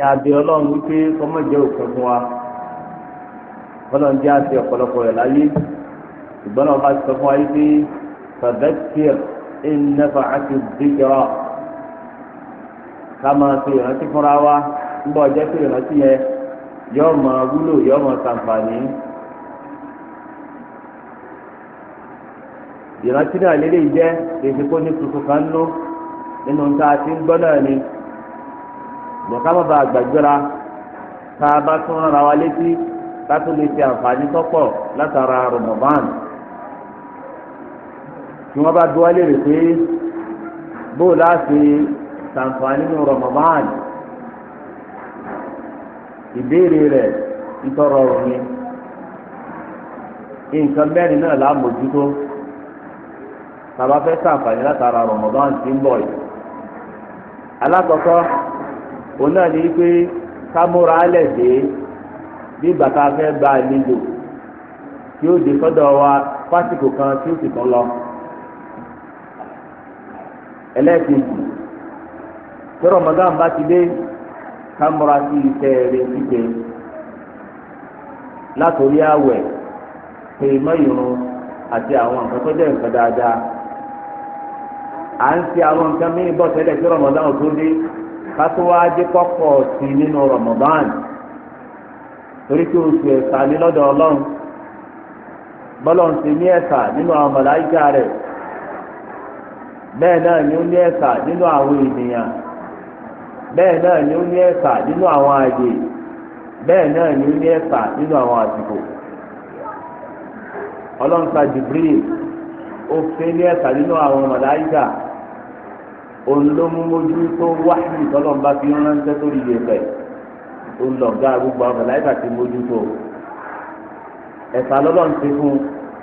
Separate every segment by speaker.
Speaker 1: ní abẹ ọlọ́run wípé kọ́mọ̀jẹ́ òkun fún wa ọlọ́run jẹ́ àti ọ̀pọ̀lọpọ̀ rẹ̀ láyé ìgbọ́n náà bá ti sọ fún wa wípé fàbẹ́tìr ìnẹ́fà àti dìkẹ́rọ̀ ká máa fi ìrántí fúnra wa nígbà ọjọ́ sí ìrántí yẹn yọ́ọ̀ máa wúlò yọ́ọ̀ máa ṣàǹfààní. ìrántí náà lélẹ́yìí jẹ́ èsì kó ní tuntun kan nú nínú nǹkan àti ń náà ni ìjọba bàbá àgbàjọra tá a bá tún rárá wa létí ká tó lè fi àǹfààní tọ́pọ̀ látara Ramadan tí wọ́n bá dúwá lérè pé bóò láti ṣàǹfààní ní Ramadan ìbéèrè rẹ̀ ìtọ́rọ ọ̀rọ̀ ni nǹkan mẹ́rin náà là á mójútó tàbá fẹ́ ṣàǹfààní látara Ramadan tí ń bọ̀ yìí alákọ̀ọ́kọ́. òun náà ní pé kámúra alẹ̀ bí bàtà fẹ́ gba àlejò tí ó wa fásitì kan tí ó sì tán lọ. ẹlẹ́ẹ̀kejì tí Ramadan bá ti dé kámúra sí iṣẹ́ rẹ̀ síte látòrí àwẹ̀ pé mọ́yìnrún àti àwọn nǹkan tó jẹ́ nǹkan dáadáa à ń ṣe àwọn nǹkan mí bọ́ sẹ́lẹ̀ tí tó kátó wá dé sí nínú Ramadan torí pé oṣù ẹ̀sà ní lọ́dọ̀ ọlọ́run bọ́lọ́n ti ní ẹ̀sà nínú àwọn rẹ̀ bẹ́ẹ̀ náà ni ó ní ẹ̀sà nínú àwọn ènìyàn bẹ́ẹ̀ náà ni ó ní ẹ̀sà nínú àwọn àyè bẹ́ẹ̀ náà ni ó ní ẹ̀sà olómúmójú tó wáyé wa fi ránṣẹ́ tó lè fẹ́ olùlọ́gá gbogbo àwọn ọ̀láìbà ti tó ti fún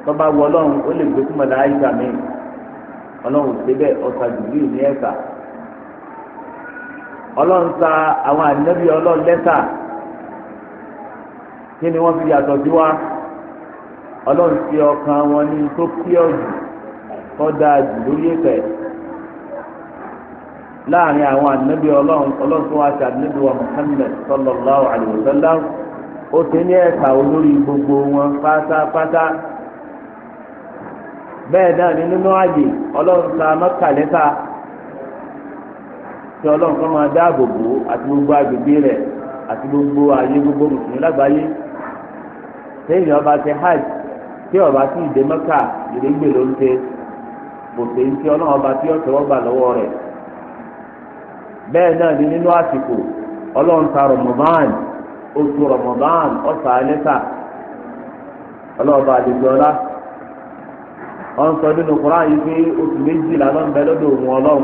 Speaker 1: tọ́ba wọ ọlọ́run ó lè gbé túmọ̀ láyíká mi ọlọ́run ṣe bẹ́ẹ̀ ọ̀sà jùlọ ní ẹ̀fà ọlọ́run sa àwọn ànábì ọlọ́run lẹ́sà kí ni wọ́n fi yàtọ̀ sí wa ọlọ́run ṣe ọkàn wọn ní tó kí jù lórí láàrin àwọn ànábì ọlọ́run ọlọ́run tó wá sí wa Muhammad sallallahu alayhi wa sallam ó ti ní ẹ̀ka olórí gbogbo wọn pátápátá bẹ́ẹ̀ náà ni nínú ààyè ọlọ́run ta mọ́kàlẹ́ta tí ọlọ́run kan máa dáàbò bò àti gbogbo agbègbè rẹ̀ gbogbo ààyè gbogbo mùsùlùmí lágbàáyé lẹ́yìn ọba ti hajj tí ọba ti ìdè mọ́kà ló ń ṣe kò sí ní ọba tí bẹ́ẹ̀ náà ni nínú àsìkò ọlọ́run ta rọmọdán oṣù rọmọdán ọ̀sà ẹlẹ́sà ọlọ́ọ̀bà àdìgbọ́lá wọ́n sọ nínú kúrán yìí pé oṣù méjìlá ló bẹ lọ́dọ̀ òun ọlọ́run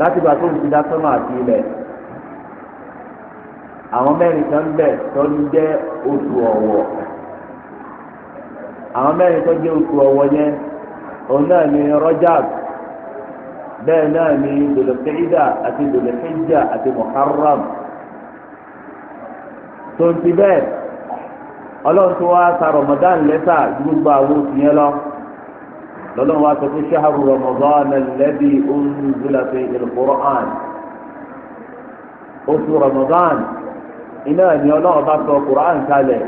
Speaker 1: láti gbà tó ń ti dá sọ́mà àti ilẹ̀ àwọn mẹ́rin kan ń bẹ tó jẹ́ oṣù àwọn mẹ́rin tó jẹ́ oṣù yẹn òun náà ni bẹ́ẹ̀ náà ni dòlòkèjìdá àti dòlòkèjìdá àti muharram tó ń ti bẹ́ẹ̀ ọlọ́run tó wá sa ramadan lẹ́sà gbogbo àwọn oṣù yẹn lọ lọ́lọ́run wá sọ pé ṣáàrù ramadan alladhi unzila fihi al oṣù ramadan iná ni ọlọ́run bá sọ Qur'an kalẹ̀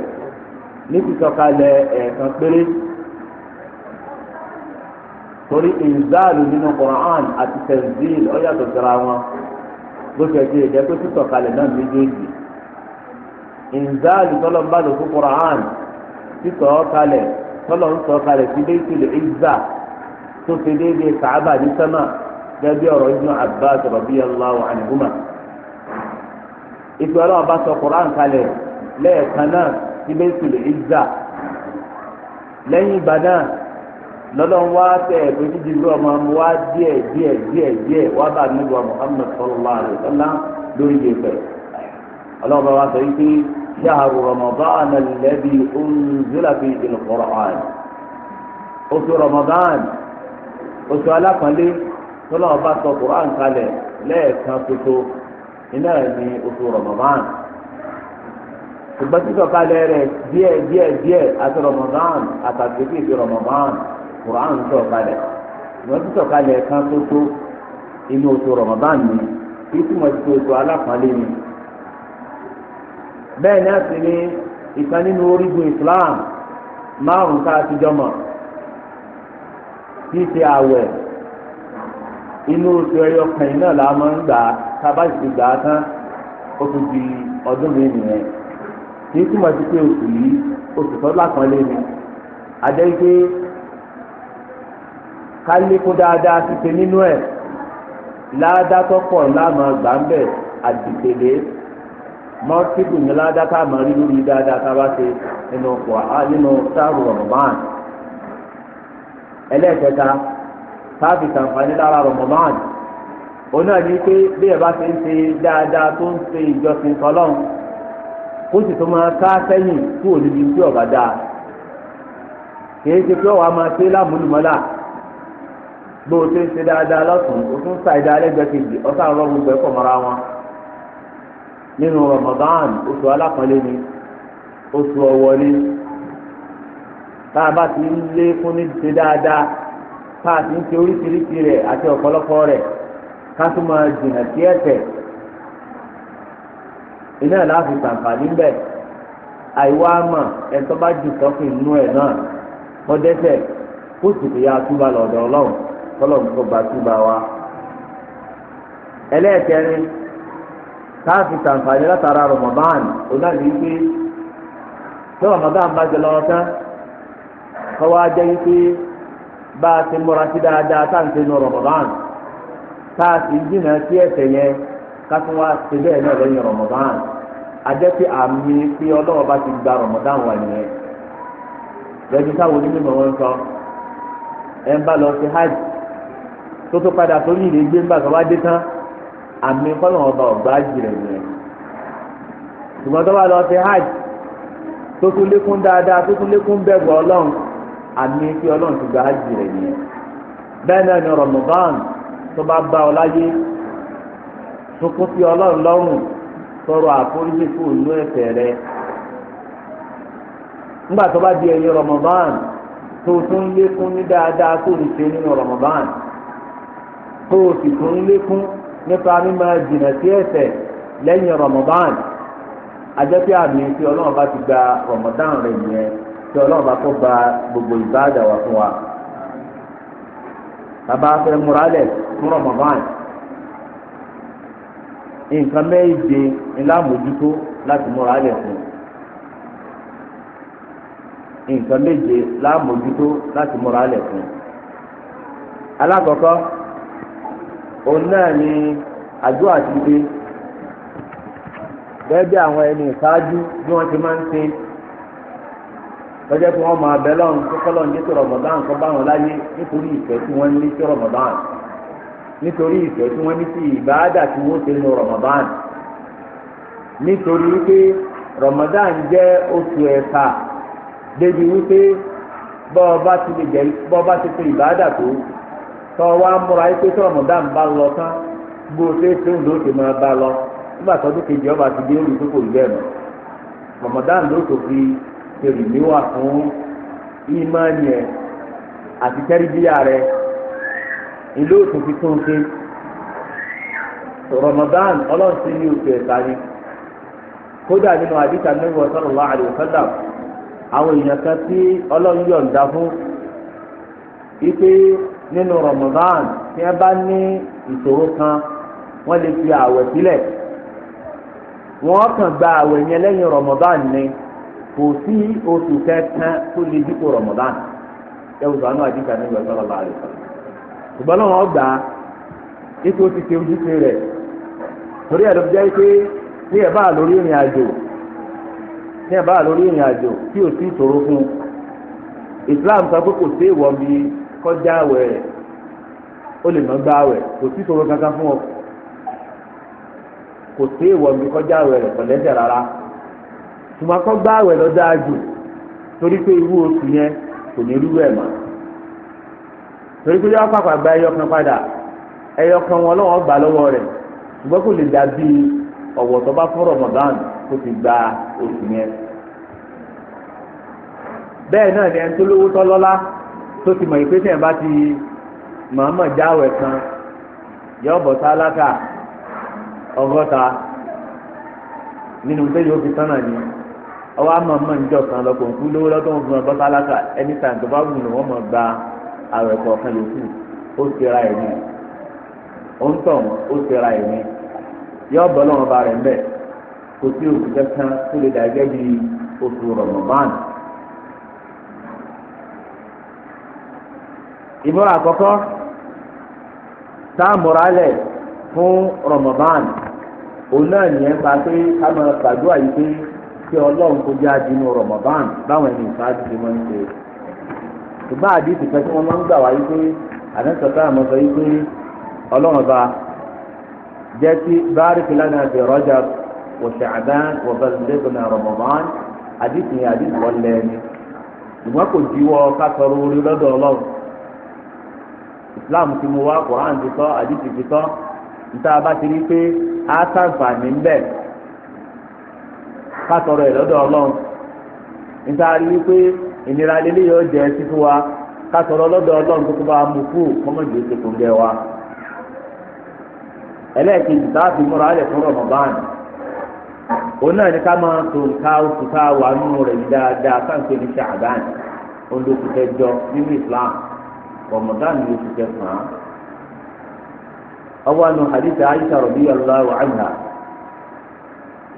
Speaker 1: ní sísọ kalẹ̀ ẹ̀ẹ̀kan péré. torí ìzáàlù nínú Qur'an àti tẹ̀síìl ó síra wọn bó ṣe ti ìjẹ́ pé títọ̀kalẹ̀ náà méjèèjì ìzáàlù tọ́lọ̀ ń bá lò fún Qur'an títọ̀kalẹ̀ tọ́lọ̀ ń tọ̀kalẹ̀ sí Baytul Izza tó fi déédéé Kàábà ní sánmà gẹ́gẹ́ bí ọ̀rọ̀ ìfẹ́ bá sọ Qur'an kalẹ̀ lẹ́ẹ̀kan lọ́dọ̀ wá tẹ̀ ẹ̀dọ́ jíjí lọ́wọ́ máa mú wá díẹ̀ díẹ̀ díẹ̀ díẹ̀ wá bá nílùú wa Muhammad sallallahu alaihi wasallam lórí ìyẹ̀fẹ̀ ọlọ́run bá wa sọ yìí pé ṣáàrù Ramadan alladhi unzila fihi al-Qur'an oṣù Ramadan oṣù alápọ̀nlé tọ́lọ́wọ́ bá sọ Qur'an kalẹ̀ lẹ́ẹ̀kan tuntun iná ẹ̀ ní oṣù Ramadan ṣùgbọ́n títọ́ kalẹ̀ rẹ̀ díẹ̀ díẹ̀ díẹ̀ àti Ramadan àtàkùn Kùránì sọ̀kalẹ̀ wọ́n ti sọ̀kalẹ̀ kan tó tó inú oṣù Ramadan ni ìtumọ̀ ti oṣù alápàlẹ́ ni bẹ́ẹ̀ ni a sì ní Islam márùn-ún tá a ti jọmọ̀ kí ṣe àwẹ̀ la máa ń gbà tábàtì ti gbà á tán ó tún ká lékún dáadáa títẹ nínú ẹ̀ ládàtọ̀pọ̀ láàmú gbàǹbẹ̀ àdìgbèlè mọ́tíbù ní ládàtà máa rí lórí dáadáa tá a bá ṣe nínú ọkọ̀ nínú sáàrù rọ̀mọ̀mán ẹlẹ́ẹ̀kẹta táàbì sàǹfààní lára rọ̀mọ̀mán òun náà ní pé bí ẹ bá ṣe ń ṣe dáadáa tó ń ṣe ìjọsìn tọ́lọ́n kó sì tó máa ká sẹ́yìn kú òdìdí tí ọ̀bà dáa kì í ṣe pé ọ̀wá máa ṣe lámúlùmọ́lá bó o ṣe ń ṣe dáadáa lọ́sùn o tún ṣàì dáa lẹ́gbẹ̀ẹ́ kejì ọ̀sán àrọ́ gbogbo ẹ̀kọ́ mọ́ra wọn nínú Ramadan oṣù alápọ̀nlé ni oṣù ọ̀wọ́lé ti ń lé fún ní ṣe dáadáa tá a ti ń ṣe oríṣiríṣi rẹ̀ àti ọ̀pọ̀lọpọ̀ rẹ̀ ká máa sí iná láti àìwá àmà ẹ̀tọ́ bá jù ẹ̀ náà kó sì fi ya túbà lọ́dọ̀ Ọlọ́run. kọ́lọ̀ ń kó gbàtúbà wa. ẹlẹ́ẹ̀kẹrin káàfi tàǹfààní látara Ramadan onáàlú wípé tí Ramadan bá jẹ lọ́wọ́ tán kọ́wá jẹ́ wípé bá a ti múra sí dáadáa táǹtì nù Ramadan káàfi jìnnà sí ẹ̀ṣẹ̀ yẹn kátó wá ti bẹ́ẹ̀ náà lẹ́yìn Ramadan ajẹ́ pé àmì pé ọlọ́wọ́ bá ti gba Ramadan wà nìyẹn lẹ́yìn táwọn onímọ̀ wọn sọ ẹ̀ ń bá lọ sí hajj. tó tó padà sórí ìdè gbé ńgbà tó bá dé tán ọba ọ̀gbá jìrẹ̀ yẹn ṣùgbọ́n tó bá lọ hajj tó tún lékún dáadáa tó tún lékún bẹ̀rù ọlọ́run àmì kí ọlọ́run ti gbà á jìrẹ̀ yẹn bẹ́ẹ̀ náà ni tó bá bá ọ láyé sí ọlọ́run lọ́rùn àforíjì fún rẹ tó kó o sì tún lékún nípa mímọ jìnnà sí ẹ̀ṣẹ̀ lẹ́yìn Ramadan ajẹ́pẹ́ àmì tí ọlọ́run bá ti gba Ramadan rẹ̀ yẹn tí ọlọ́run bá gbogbo ìbáàdà fún wa. bàbá fẹ́ múralẹ̀ fún Ramadan nǹkan ńlá mójútó láti fún nǹkan òun náà ni àjọ àtìgbé gẹ́gẹ́ bí àwọn ẹni ìṣáájú bí wọ́n ti máa ń ṣe lọ́jọ́ pé wọ́n máa bẹ lọ́run kọ́kọ́lọ́ ní tí rọ̀mọ̀dán kọ́ bá láyé nítorí ìfẹ́ tí wọ́n ní sí rọ̀mọ̀dán nítorí ìfẹ́ tí wọ́n ní sí ìbáàdà tí wọ́n ṣe nu rọ̀mọ̀dán nítorí wípé rọ̀mọ̀dán jẹ́ oṣù ẹ̀ka débi wípé bọ́ọ̀ bá ti tọ́ wa múra yìí pé sọ̀rọ̀ mọ̀dá ń bá lọ tán bó o ṣe lọ ọba ti dị olu tupu rí bẹ́ẹ̀ mọ̀ mọ̀dá ló tó fi tèrè níwà fún ìmánì ẹ̀ àti tẹ́rìbíyà rẹ̀ ìlú òtún fi tún ṣe Ramadan ní ẹ̀ka ni kódà nínú àdìsá àwọn èèyàn kan tí nínú Ramadan tí ẹ bá ní ìṣòro kan wọ́n lè fi àwẹ̀ sílẹ̀ wọn kàn gba àwẹ̀ yẹn lẹ́yìn Ramadan ni kò sí oṣù tó lè dípò àdìgbà ní ìgbà báyìí ṣùgbọ́n náà wọ́n gbà á ètò ti ṣe ojúṣe rẹ̀ torí ẹ̀rọ jẹ́ pé ní ẹ̀ bá lórí ìrìn àjò ní ẹ̀ bá lórí ìrìn fún Islam sọ pé kò sí ìwọ́n bíi. kọjá àwẹ̀ rẹ̀ ó lè má gba kò kankan fún ọ kò sí mi kọjá rárá ṣùgbọ́n kọ́ gba lọ dáa jù torí pé irú oṣù yẹn kò ní rú ẹ̀ mọ́ torí pé yọ pàpà gba ẹyọ kan padà ẹyọ kan wọn lọ́wọ́ gbà lọ́wọ́ rẹ ṣùgbọ́n kò lè dà bíi ọ̀wọ̀ tó ti mọ̀ ìpè tẹ̀ bá ti màmá jáwẹ̀ kan yọ bọ̀ sálákà ọgọ́ta nínú tó yóò fi tán náà ni ọwọ́ àmọ́ mọ̀ níjọ kan lọ kò ń kú lówó lọ́tọ́ wọn fún ọ bọ́ sálákà ẹni tàn tó bá wù ní wọ́n mọ̀ gba àwẹ̀ kọ̀ọ̀kan yòókù ó ti ra ẹ̀mí ó ń tàn ó ti ra ẹ̀mí yọ bọ̀ lọ́wọ́ ba rẹ̀ ń bẹ̀ kò sí òkú kẹsàn tó lè dàgẹ́ bíi oṣù rọ̀mọ̀mọ́ọ̀nù. ìmúra àkọ́kọ́ tá a múra lẹ̀ fún Ramadan òun náà nìyẹn pa pé ká máa gbàdúrà yìí pé kí ọlọ́run kó já di inú báwọn ẹni ìfàdí ti máa ń ṣe ṣùgbọ́n àdìsí kan tí wọ́n máa ń gbà pé sọ yìí pé ọlọ́run ọba jẹ́ yẹn kò Láàmù tí mo wá Quran ti tọ́ àdìsí ti tọ́ níta bá ti rí pé á sàǹfààní ń bẹ̀ ká tọrọ ẹ̀ nta níta rí pé ìnira lílé yóò jẹ́ títú wa ká tọrọ lọ́dọ̀ tó tó bá mú kú kọmọdé ó ti wa ẹlẹ́ẹ̀kejì múra fún Ramadan máa tó rọmọdán ní oṣù kẹsàn-án ọwọ́ àánú hadith aisha radiyallahu anha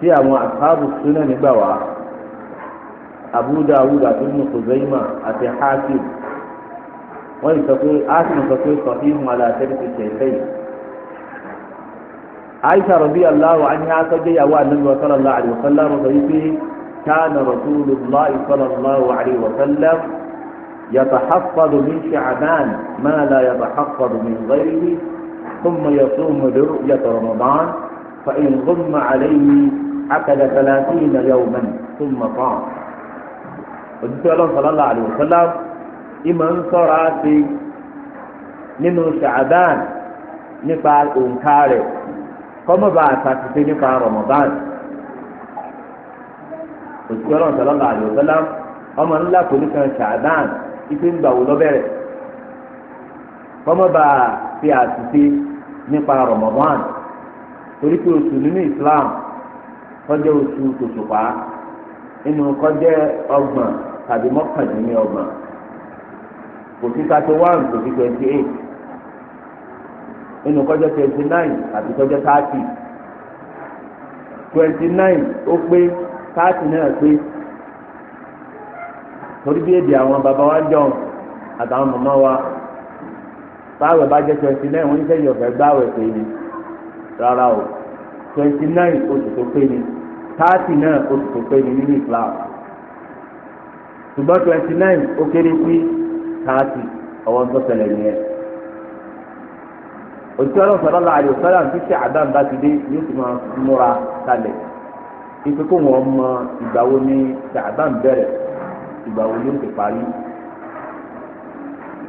Speaker 1: tí àwọn àkáàbù súnà nígbà wá abu dawud àti ibn khuzaima àti hakim wọ́n yìí sọ pé hakim sọ pé sọ fíìmù aláṣẹ́bìtì ṣẹ̀ṣẹ̀ yìí aisha radiyallahu anha sọ́jẹ́ ìyàwó àdúgbò sallallahu alaihi wasallam sọ yìí pé كان رسول الله صلى الله عليه وسلم يتحفظ من شعبان ما لا يتحفظ من غيره ثم يصوم برؤية رمضان فإن غم عليه أكل ثلاثين يوما ثم صام وجدت الله صلى الله عليه وسلم إمن صراتي من شعبان نفال أنكاره كما بعد في نفال رمضان وجدت الله صلى الله عليه وسلم ومن لك لك شعبان ìpè ń gbà wò lọ́bẹ̀rẹ̀ fi àtúnṣe nípa Ramadan torí pé Islam kọjá oṣù tòṣùpá nínú kọjá tàbí one twenty eight nínú kọjá twenty àti kọjá thirty twenty ó pé thirty náà pé. torí bí èdè àwọn bàbá wa jọ àtàwọn màmá wa báwẹ̀ bá jẹ́ twenty nine wọ́n ní sẹ́yìn ọ̀fẹ́ gbáwẹ̀ pé ni rárá o twenty nine oṣù tó pé ni thirty náà oṣù tó pé ni nínú Islam ṣùgbọ́n twenty nine ó kéré sí thirty ọwọ́ tó ṣẹlẹ̀ nìyẹn òtún ọlọ́run sọ̀rọ̀ la àyè sọ́dà tí ṣe àdá ń bá ti dé yóò ti máa múra kalẹ̀ ipe kó wọ́n mọ ìgbà wo ni àdá ń bẹ̀rẹ̀ ìgbà wo ló ti parí.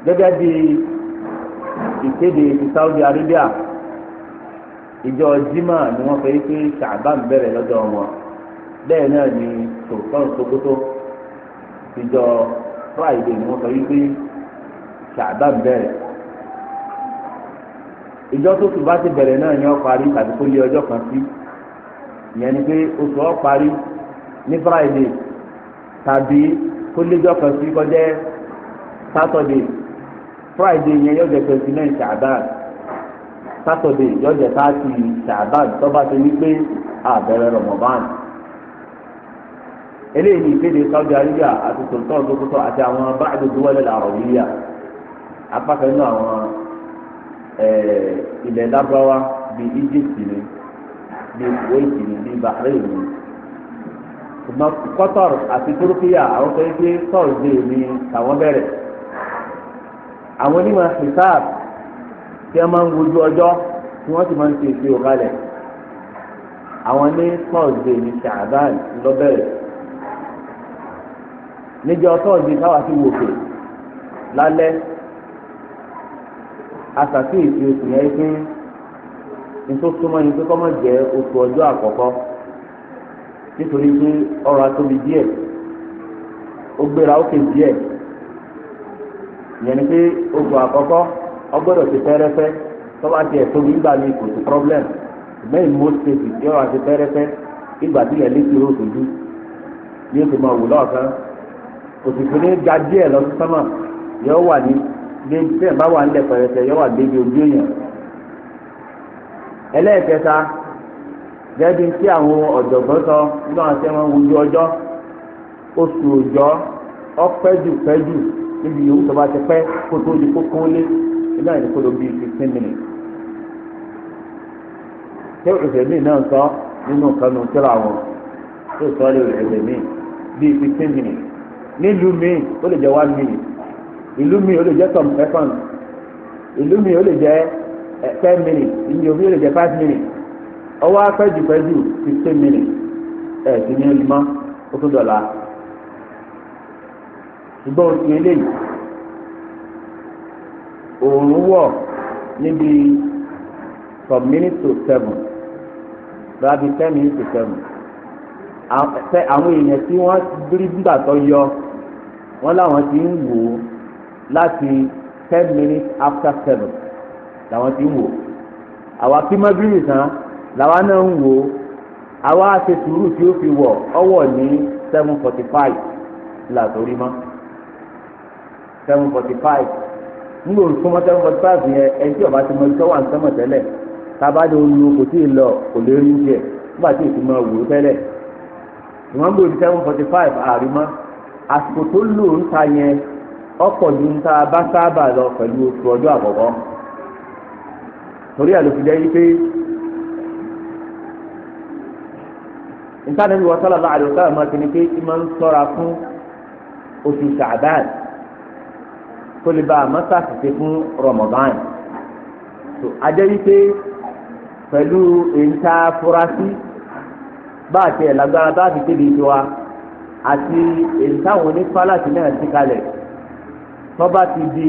Speaker 1: gẹ́gẹ́ bí ìkéde ti Saudi Arabia ìjọ jimá ni wọ́n fẹ́ pé ṣàbá ń bẹ̀rẹ̀ lọ́dọ̀ wọn bẹ́ẹ̀ náà ni Sultan Sokoto ìjọ Friday ni wọ́n fẹ́ pé ṣàbá ń bẹ̀rẹ̀ ìjọ tó tù bá ti bẹ̀rẹ̀ náà ni wọ́n parí tàbí kó lé ọjọ́ kan sí ìyẹn ni pé oṣù ọ̀ parí ní Friday tàbí kó léjọ́ kan sí kọjá sátọ̀dé friday yẹn yọjẹ twenty nine ṣàbáàd sátọ̀dé yọjẹ thirty ṣàbáàd eléyìí ní ìkéde saudi arabia àti sultan sokoto àti àwọn báàdì duwọlẹ̀ làrọ̀bíyà apákan nínú àwọn eh, ilẹ̀ lábáwá bíi egypt ni bíi kuwait ni bíi bahrain ni. ṣùgbọ́n kọ́tọ̀rù àti turukiya àwọn tó ń gbé tọ́ọ̀dé ní tàwọn bẹ̀rẹ̀ àwọn onímọ̀ hisab tí wọ́n máa ń wojú ọjọ́ tí wọ́n sì máa ń ṣe ìṣirò kalẹ̀ àwọn ní tọ́ọ̀dé ní ṣàbán lọ́bẹ̀rẹ̀ níjọ tọ́ọ̀dé táwa ti wòkè lálẹ́ asàkíyèsí oṣù yẹn pín ní tó súnmọ́ ní pé kọ́mọ̀ jẹ́ oṣù ọjọ́ àkọ́kọ́. nítorí pé ọrọ̀ atóbi díẹ̀ ó gbéra ókè díẹ̀ ìyẹn ni pé ogun àkọ́kọ́ ọgbọ́dọ̀ ti fẹ́rẹ́fẹ́ tọ́ba tiẹ̀ tóbi gbà ní kò sí problem mẹ́rin most cases tí ọrọ̀ àti fẹ́rẹ́fẹ́ ìgbà tí ìyẹn lè ní oṣù ga díẹ̀ lọ sí sọ́mà yọ wà ní bẹ́ẹ̀ bá wà pẹ̀rẹ̀tẹ̀ yọ wà gẹ́gẹ́ bí àwọn ọ̀jọ̀gbọ́n sọ nígbà wọn ti wọn wojú ọjọ́ oṣù òjọ́ ọpẹ́jù pẹ́jù níbi yòówù tó bá ti pẹ́ kó tó di kókó lé nígbà yẹn kó ló bí fifteen minutes. ṣé òṣèlú náà sọ nínú kanu kíra wọn tó sọ lé òṣèlú bí fifteen minutes nílùú mi ó lè jẹ́ one minute ìlú mi ó lè jẹ́ some seconds ìlú mi ó lè jẹ́ eh, ten minutes ìlú mi ó lè jẹ́ five minutes ọwọ́ apẹ́jùpẹ́jù fifteen minutes ẹ̀ sí ní ojúmọ́ ó tún dọ̀la ṣùgbọ́n oṣù eléyìí òòrùn wọ̀ níbi from minute to seven rabi ten minutes to seven àwọn èèyàn tí wọ́n rí nígbà tó yọ wọ́n láwọn ti ń wò ó láti ten minutes after seven làwọn ti ń wò àwa kí mọ́bírì tán làwa náà ń wò ó àwa ṣe sùúrù tí ó fi wọ̀ ọwọ́ ní seven forty five là torí mọ́ seven forty five nígbà òun súnmọ́ seven forty five yẹn ẹni tí ọba ti mọ ìtọ́wà ń sẹ́mọ̀ tẹ́lẹ̀ tábàdé olú kò tí ì lọ kò lè rí oúnjẹ nígbà tí ìtumọ̀ wò ó tẹ́lẹ̀ ìwọ̀n bò ní seven forty five àrímọ́ àsìkò tó lò ń ta yẹn ọ̀pọ̀ ju ń ta bá sábà lọ pẹ̀lú oṣù ọjọ́ àkọ́kọ́ torí ẹ̀ yí pé nta nabi wa sallallahu alayhi wa sallam ma kini pé i ma ń ṣọ́ra fún oṣù sàbáàn kó lè ba àmọ́sá tètè fún rọmọbáàn tó ajẹ́ wípé pẹ̀lú ìta furasí bá a ti ẹ̀ lágbára bá a fi kéde ìjọ wa àti ìtawọn onífàlàtì náà ti kalẹ̀ tọ́ba ti di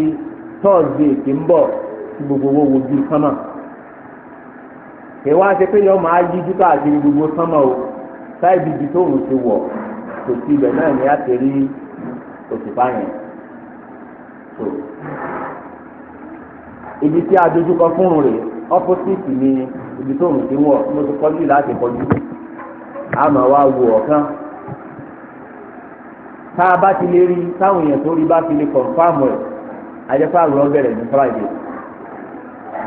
Speaker 1: tọ́ọ̀sì èké ń bọ̀ tí gbogbo owó wojú sánmà kí wọ́n á ṣe pé yọ máa yíjú káàkiri gbogbo sánmà o sáìdì ibi tóun ti wọ̀ kò sí ibẹ̀ náà ní àtẹ̀rí òṣùpá yẹn tó ibi tí a dojúkọ fún rè ọ́pọ́sìtì ni ibi tóun ti wọ̀ mo ti kọjú láti kọjú àmọ́ wa wo ọ̀kan tá a bá ti lè rí táwọn èèyàn tó rí bá fi lè kọ̀ǹfàmù ẹ̀ ajẹ́pẹ́ àwòrán bẹ̀rẹ̀ ní friday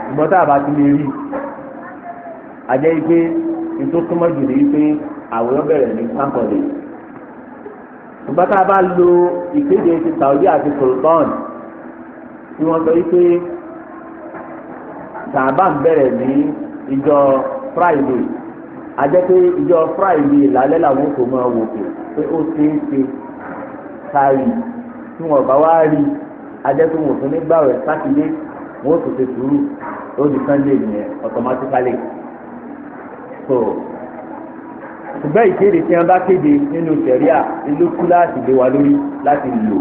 Speaker 1: ìgbọ́n tá a bá ti lè rí ajẹ́ pé ètò súnmọ́ jù ní pé àwòrán bẹ̀rẹ̀ ní sáńkọ̀lì. ṣùgbọ́n tá a bá lo ìkéde ti Saudi àti Sultan tí wọ́n sọ wípé sàbá ń bẹ̀rẹ̀ ní ìjọ Friday ajẹ́ pé ìjọ Friday lálẹ́ làwọn kò máa wò pé pé ó ṣeé ṣe kárí tí wọn bá wá rí ajẹ́ pé wọn ò tún ní gbàwẹ̀ sátidé wọn ò tún ṣe sùúrù ó di Sunday nìyẹn automatically so ṣùgbọ́n ìkéde tí wọ́n bá kéde nínú sẹ̀ríà ló kú láti lé wa lórí láti lò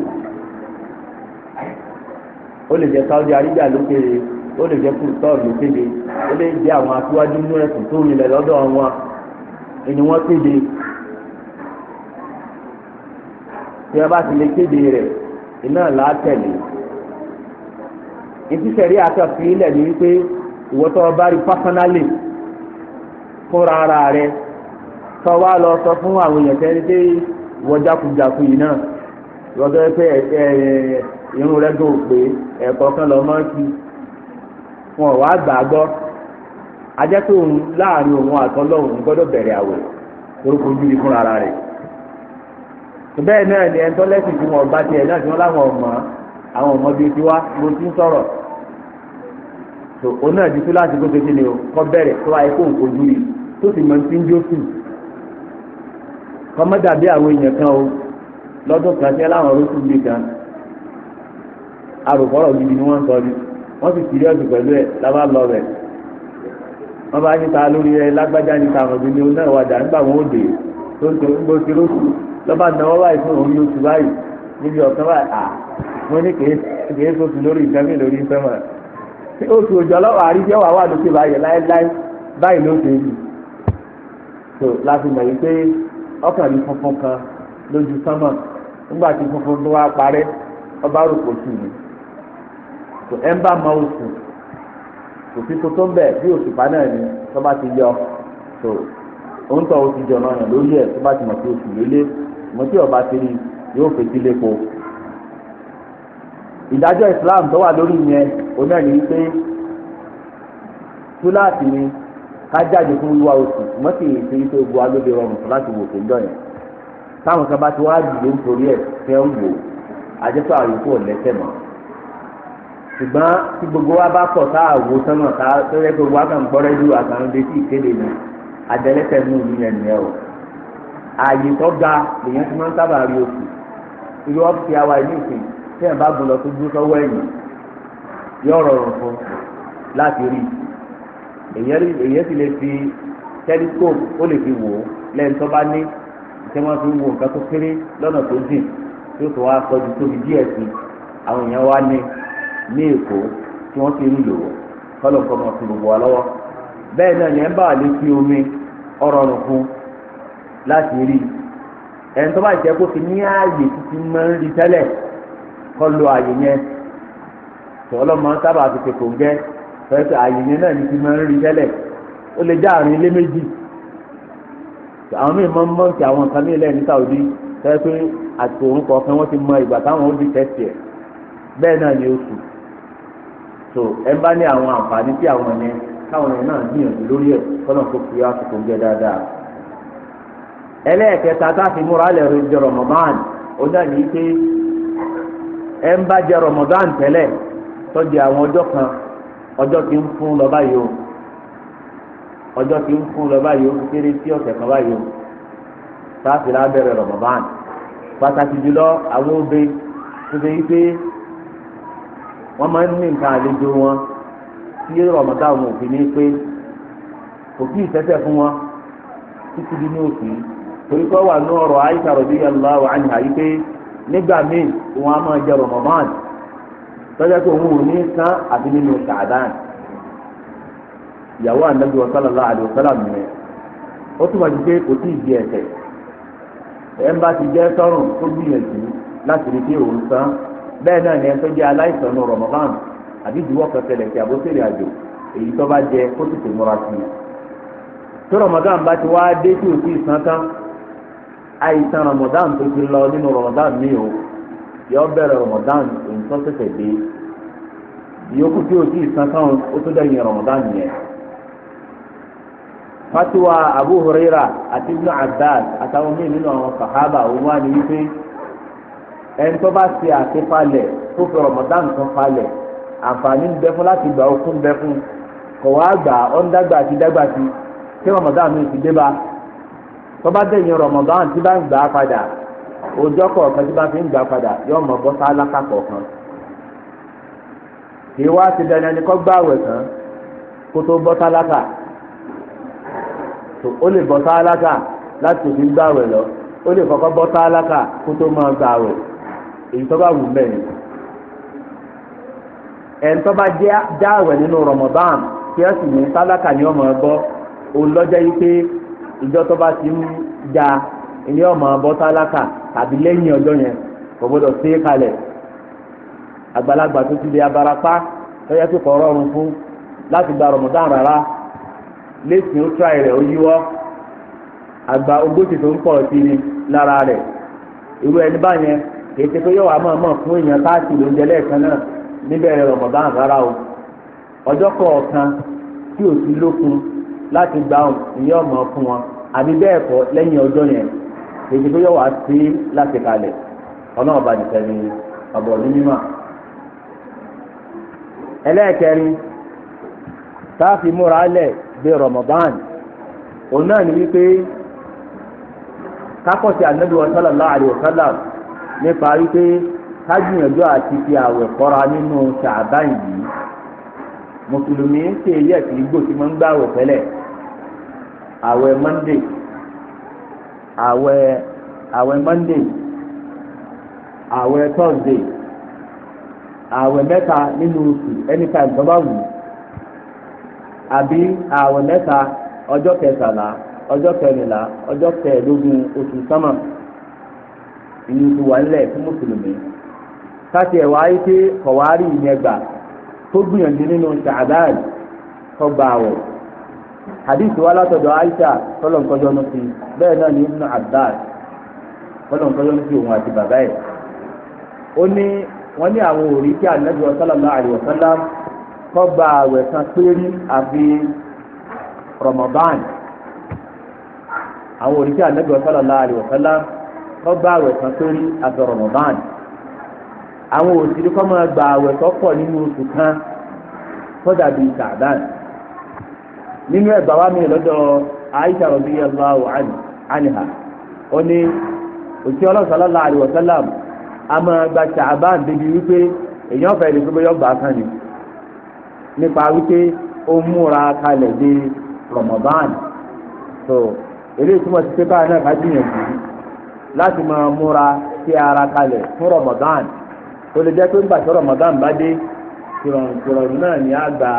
Speaker 1: ó lè jẹ́ Saudi Arabia ló kéde ó lè jẹ́ kúrútọ́ọ̀ ló kéde ó lè jẹ́ àwọn aṣíwájú inú ẹ̀sùn tó rinlẹ̀ lọ́dọ̀ wọn ni wọ́n kéde tí wọ́n bá ti lè kéde rẹ̀ iná látẹ̀lé ìtí sẹ̀rí àtọ̀fin ilẹ̀ ni wípé ìwọ́tọ̀ bá rí pásánálì fúnra ara rẹ̀ kọ́ wá lọ sọ fún àwọn èèyàn tẹ́lẹ̀ pé wọ́n jákujàku yìí náà lọ́dọ̀ pé ẹ̀ irun rẹ̀ dùn pé ẹ̀kọ́ kan lọ mọ́ sí wọn wá gbà gbọ́ ajẹ́ pé òun láàrin òun àtọ́lọ́hún gbọ́dọ̀ bẹ̀rẹ̀ àwẹ̀ orúkọ ojú ni fúnra rẹ̀ bẹ́ẹ̀ náà ni ẹ̀ńtọ́ lẹ́sìn tí wọ́n bá tiẹ̀ náà tí wọ́n láwọn ọmọ àwọn ọmọ bíi tiwa mo ti ń sọ̀rọ̀ tó òun náà di tó láti gbé kékeré o kọ́ bẹ̀rẹ̀ tó wáyé kó nǹkan ojú rí tó sì mọ̀ ní ti ń jó sùn kọ́mọ́ dàbí àwọn èèyàn kan o lọ́dún kan tẹ́ láwọn orókù gbé kan arùkọ́rọ̀ gidi ni wọ́n sọ ni wọ́n sì kiri ọ̀sùn pẹ̀lú ẹ̀ lábá lọ rẹ̀ wọ́n bá níta lórí ẹ lágbájá níta àmọ̀dún ni oná ìwàdà nígbà wọn ò dé tó ń tó ń gbó kiri oṣù lọ́ba náwó báyìí fún òun yóò tù báyìí níbi ọ̀kan báyìí à mo ní kèé sọ́tù lórí ìfẹ́ mi lórí ìfẹ́ mọ̀ tí oṣù òjò ọlọ́wọ́ àríjẹ́ wà wà lókè báyìí láéláé báyìí ló ṣe é yìí tó láti mọ̀ yìí pé ọkàn rí funfun kan lójú sánmà nígbà tí funfun tó wá parẹ́ ọba rò kò sí mi kò ẹ ń bá ma oṣù kò sí kó tó ń bẹ bí òṣùpá náà ni tó bá ti yọ tó òun tọ́ oṣù jọ̀nà ọ̀nà lórí ẹ̀ tó bá ti mọ̀ sí oṣù lélẹ̀ mọ̀ tí ọba ti rí yóò fetí lépo ìdájọ́ Islam tó wà lórí yẹn onáà ní pé túláàtì ni kájáde fún olúwa oṣù mọ́tì ìṣèyí tó gbọ́ alóde rọrùn fún láti wò fún dọ́yìn táwọn kan bá ti wá dìde nítorí ẹ̀ fẹ́ ń wò àjẹsọ́ àyòkù ọ̀lẹ́sẹ̀ mọ́ ṣùgbọ́n tí gbogbo wa bá pọ̀ tá a wò sánmọ̀ tá a tó yẹ kó wá kàn gbọ́ rẹ́díò àtàwọn ibi tí ìkéde ni àdẹ́lẹ́sẹ̀ mú mi yẹn nìyẹn o ààyè tó ga lèyàn ti máa ń sábà rí oṣù irú ọ́fíìsì àwa ìlú ìsìn tí ẹ̀ bá gùn tó dúró sọ́wọ́ ẹ̀yìn yóò rọrùn fún láti rí i èyàn ti lè fi telescope ó lè fi wò ó lẹ́yìn tó bá ní tí wọ́n fi wo nǹkan tó kéré lọ́nà tó dìn tó tó wá sọ ju tóbi díẹ̀ sí àwọn èèyàn wá ní ní èkó tí wọ́n ti ń lò ó kọ́lọ̀ nǹkan mọ̀ sí gbogbo wa lọ́wọ́ bẹ́ẹ̀ náà yẹn bá lè fi omi ọ̀rọ̀ ọ̀rùn fún láti rí ẹni tó bá jẹ́ kó ti ní ààyè títí máa ń rí tẹ́lẹ̀ kọ́ lo ààyè yẹn tọ́lọ́ máa ń fi kò ń gẹ́ fẹ́ẹ́ àyè yẹn náà ní ti máa ń rí tẹ́lẹ̀ ó lè já àrùn ilé méjì àwọn míì máa ń mọ̀ àwọn nǹkan ní Saudi fẹ́ẹ́ pé kọ̀ọ̀kan ti mọ ìgbà táwọn ó di tẹ́sì ẹ̀ bẹ́ẹ̀ náà ni oṣù so ẹ bá ní àwọn àǹfààní sí àwọn yẹn káwọn yẹn náà gbìyànjú lórí ẹ̀ kọ́nà kó fi àsìkò dáadáa ẹlẹ́ẹ̀kẹta a fi múra jẹ ó náà ní pé ẹ ń bá jẹ tẹ́lẹ̀ àwọn ọjọ́ kan ọjọ́ ti ń fún lọ báyìí o ọjọ́ ti ń fún lọ báyìí o kéré sí ọ̀sẹ̀ kan báyìí o sáàsì lábẹ́rẹ́ pàtàkì obe tó ṣe wípé wọ́n máa ń ní nǹkan àlejò wọn tí Ramadan wọn ò fi ní pé kò kí fún wọn títí di ní òsì torí pé wà ní ọ̀rọ̀ Aisha radiyallahu anha wípé nígbà míì wọn á máa jẹ tọ́jà pé òun ò ní san àbí nínú ṣàdán ìyàwó ànábi ọ̀sálàlá àdìọ̀sálà mìíràn ó túmọ̀ sí pé kò tí ì di ẹ̀ṣẹ̀ ẹ̀ ń bá ti jẹ́ sọ́rùn tó gbìyànjú láti rí pé òun san bẹ́ẹ̀ náà ni ẹ jẹ́ aláìsàn ní àbí ìdíwọ́ kẹsẹ̀lẹ̀ tí àbóṣèlè àjò èyí tó bá jẹ kó tètè múra sí i tó bá ti wá dé tí ò tí ì san yọ bẹrẹ rọmọdán nǹkan tẹ̀sẹ̀ dé ìyókù tí o ti san kan ó tó dẹ̀yìn rọmọdán yẹn fatiwa abu huraira àti ibnu abbas àtàwọn míì nínú àwọn sahaba òun wà ní wípé ẹni tó bá ṣe àṣepalẹ̀ tó fi rọmọdán kan palẹ̀ àǹfààní ń bẹ fún láti gbà bẹ fún kò wá gbà àti dàgbà sí kí rọmọdán mi ti dé tó bá rọmọdán bá ń gbà padà. ọjọ́ kọ̀ọ̀kan tí bá fi ń gbà padà yóò mọ̀ bọ́ sálákà kọ̀ọ̀kan ti dandan ni kó gbà kan kó tó bọ́ sálákà ó lè bọ́ sálákà láti òfin gbà lọ ó lè kọ́kọ́ bọ́ sálákà kó tó máa gbà àwẹ̀ èyí tó bá wù mẹ́rin ẹni tó bá dá àwẹ̀ nínú Ramadan kí ẹ sì ní sálákà ni ọmọ ẹ bọ́ òun lọ́jọ́ pé ìjọ tó ti ń ilé ọmọ abọ́ tálákà tàbí lẹ́yìn ọjọ́ yẹn kò gbọdọ̀ sí é kalẹ̀ àgbàlagbà tó ti di abarapa tọ́jà tó kọ̀ rọrùn láti gba rọmọdán rárá lẹ́sìn ó tíráì rẹ̀ ó yíwọ́ àgbà ogójì tó ń pọ̀ sí ni lára rẹ̀ irú ẹni báyẹn fún èèyàn lẹ́ẹ̀kan náà níbẹ̀rẹ̀ rọmọdán rárá o ọjọ́ kọ̀ọ̀kan tí ò sí lókun gba ìyá ọmọ fún wọn àbí bẹ́ẹ̀ kọ́ èyí tó yọ wá láti kalẹ̀ ọlọ́ọ̀bá ọba ni ọ̀bọ̀ ní mímọ́ ẹlẹ́ẹ̀kẹrin táàfin múra lẹ̀ bí òun náà ni wípé kákọ̀sí ànábì wa sallallahu nípa wípé kájìyànjú àti fi àwẹ̀ kọra nínú Ṣàbán yìí mùsùlùmí ń ṣe ẹ̀sìn igbó tí wọ́n ń gbà wọ̀ fẹ́lẹ̀ àwẹ̀ àwẹ̀ monday àwẹ̀ thursday àwẹ̀ mẹ́ta nínú oṣù anytime tó bá wù àbí àwẹ̀ mẹ́ta ọjọ́ kẹsànán ọjọ́ kẹrìnlá ọjọ́ kẹẹ̀ẹ́dógún oṣù sánmà ìlú ti wà nílẹ̀ fún mùsùlùmí káti ẹ̀wá ayé pé ìyẹn gbà tó gbìyànjú nínú gba hadith wa látọ̀dọ̀ aisha kọlọ̀nkọjọ́ ní fi bẹ́ẹ̀ náà ní ibnu abbas kọlọ̀nkọjọ́ ní fi òun àti bàbá ẹ̀ ó ní wọ́n ní àwọn òrí kí anabi sallallahu alaihi wasallam kọ́ gba àwẹ̀ kan péré àfi ramadan àwọn òrí kí anabi sallallahu alaihi wasallam kọ́ gba àwẹ̀ kan péré àfi ramadan àwọn òsì kọ́ máa gba àwẹ̀ tó pọ̀ nínú oṣù kan kọ́ dàbí sàdán. nínú ẹgbàá wa mi lọ́dọ̀ Aisha radiyallahu anha ó ní òtí ọlọ́sàlọ́lá àríwọ̀sálàm a máa gba ṣàbán débi wípé èèyàn fẹ́ lè gbogbo yọgbà kan ni nípa wípé ó múra kalẹ̀ dé Ramadan so eré túmọ̀ sí pé báyìí náà ká gbìyànjú láti máa múra sí ara kalẹ̀ fún tó lè jẹ́ pé ń bá dé a gba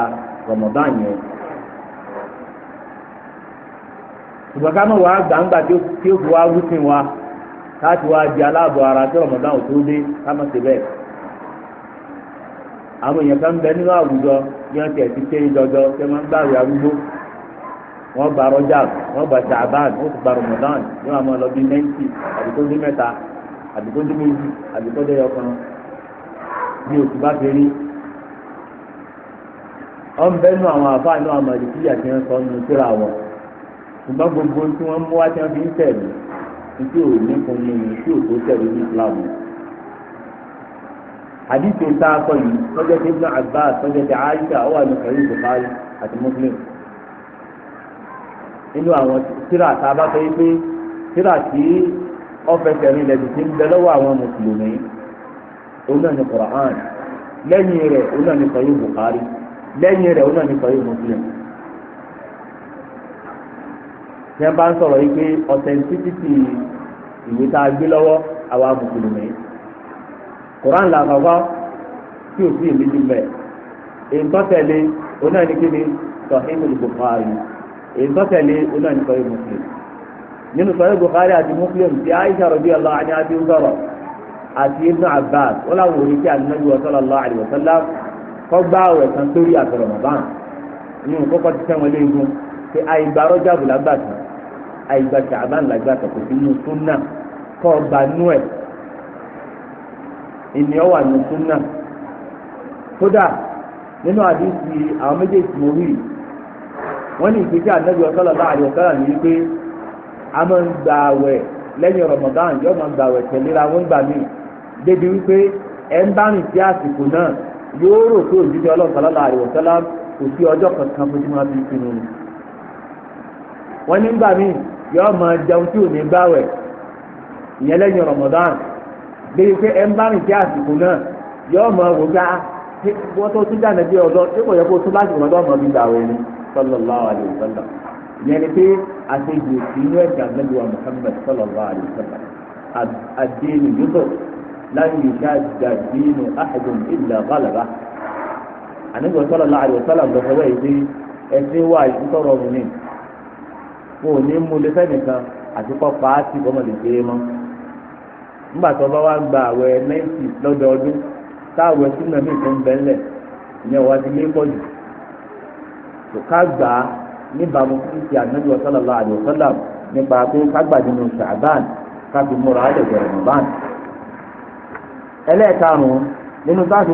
Speaker 1: ìgbà ká mọ̀ wá gbàǹgbà tí ó fi wá wúsìn wa láti wá di aláàbọ̀ ara tí ọ̀mọ̀dá ò tó dé ká mọ̀ sí bẹ́ẹ̀. àwọn èèyàn kan bẹ nínú àwùjọ bí wọ́n tiẹ̀ ti ṣe é jọjọ pé wọ́n ń gbàrú arúgbó wọ́n gba rọ́jà wọ́n gba ṣàbán wọ́n ti gba rọmọdán ní wọn máa lọ bí mẹ́ǹtì àdìgbòdì mẹ́ta àdìgbòdì méjì àdìgbòdì ọkàn bí oṣù bá fi rí. ọ̀nbẹ́nu àwọn àfáà ní àwọn àdìgbòdì àti ẹ̀ńsọ́ nù síra wọn ṣùgbọ́n gbogbo tí wọ́n mú wá tí wọ́n fi ń tẹ̀lé tí ò ní fún mi tí ò tó tẹ̀lé ní Islam. àdìsí tá a kọ yìí lọ́jọ́ tí Ibn Abbas lọ́jọ́ tí Aisha ó wà ní kẹrin Bukhari àti Muslim. nínú àwọn tíra tá a bá fẹ́ pé tíra tí ọ̀fẹ́sẹ̀ rìn lẹ́bi tí ń bẹ lọ́wọ́ àwọn mùsùlùmí òun náà ní Qur'an lẹ́yìn rẹ̀ òun náà ní sọ̀yìn Bukhari lẹ́yìn rẹ̀ òun náà ní sọ̀yìn Muslim. tí wọ́n bá ń sọ̀rọ̀ yìí pé authenticity ìwé tá a gbé lọ́wọ́ àwa mùsùlùmí Quran là kọ́kọ́ tí ò sí èmi jùlọ ìtọ́tẹ̀lé onáníkíni Sahihul Bukhari ìtọ́tẹ̀lé onáníkọ́yé Muslim nínú Sahih Bukhari àti Muslim ti Aisha radiyallahu anha àti ọ̀sọ̀rọ̀ àti Abbas làwọn kí kọ́ nínú kọ́kọ́ ti sẹ́wọ̀n pé àìgbà rọ́jàbù lágbàtà àìgbà ṣàbán lágbàtà kò sí inú súnà kọ́ ọgbà nú ẹ̀ ènìyàn wà nínú súnà kódà nínú àdìsí àwọn méjèèjì mo wí wọ́n ní ìgbésí ànábi ọ̀sọ́lá bá àdìsí ọ̀sọ́lá ní wípé a máa ń gba àwẹ̀ lẹ́yìn Ramadan yóò máa ń gba àwẹ̀ tẹ̀léra wọ́n gbà mí débi wípé ẹ̀ ń bá rìn sí àsìkò náà yóò rò pé òjijì ọlọ́ọ̀sọ́lá àdìsí ọ̀sọ́lá kò sí ọjọ́ kankan fún tí wọ́n wọ́n nígbà míì yóò máa jẹun tí ò ní gbàwẹ̀ ìyẹn lẹ́yìn Ramadan bíi pé ẹ ń bá rìn sí àsìkò náà yóò máa wò gá ah, wọ́n tó tún dànù bí ọ̀dọ́ tí kò yẹ kó tún láti wọ́n tó mọ̀ bí gbàwẹ̀ ni sallallahu alaihi wasallam ìyẹn ni pé àṣejù ìnú ẹ̀jẹ̀ àgbẹ̀dùwà Muhammad sallallahu alaihi wasallam àdéhùn yóò láyé ìṣá dàdínú àhàdùn ìlà bàlàbà ànígbà sallallahu alaihi wasallam lọ́sọ̀rọ̀ ìdí ẹ̀sìn wọn ò ní mú lé fẹ́nìkan àti kọ́ lè mọ́ nígbà tó bá wá gba àwẹ̀ lọ́dọọdún ń ńlẹ̀ ìyẹn wá ti lé pọ̀jù tó ká gbà á níbàámu fún ti ànábì sallallahu alaihi wasallam nípa pé ká gbà nínú ṣàbán ká fi múra á lè ẹlẹ́ẹ̀karùn-ún nínú ká fi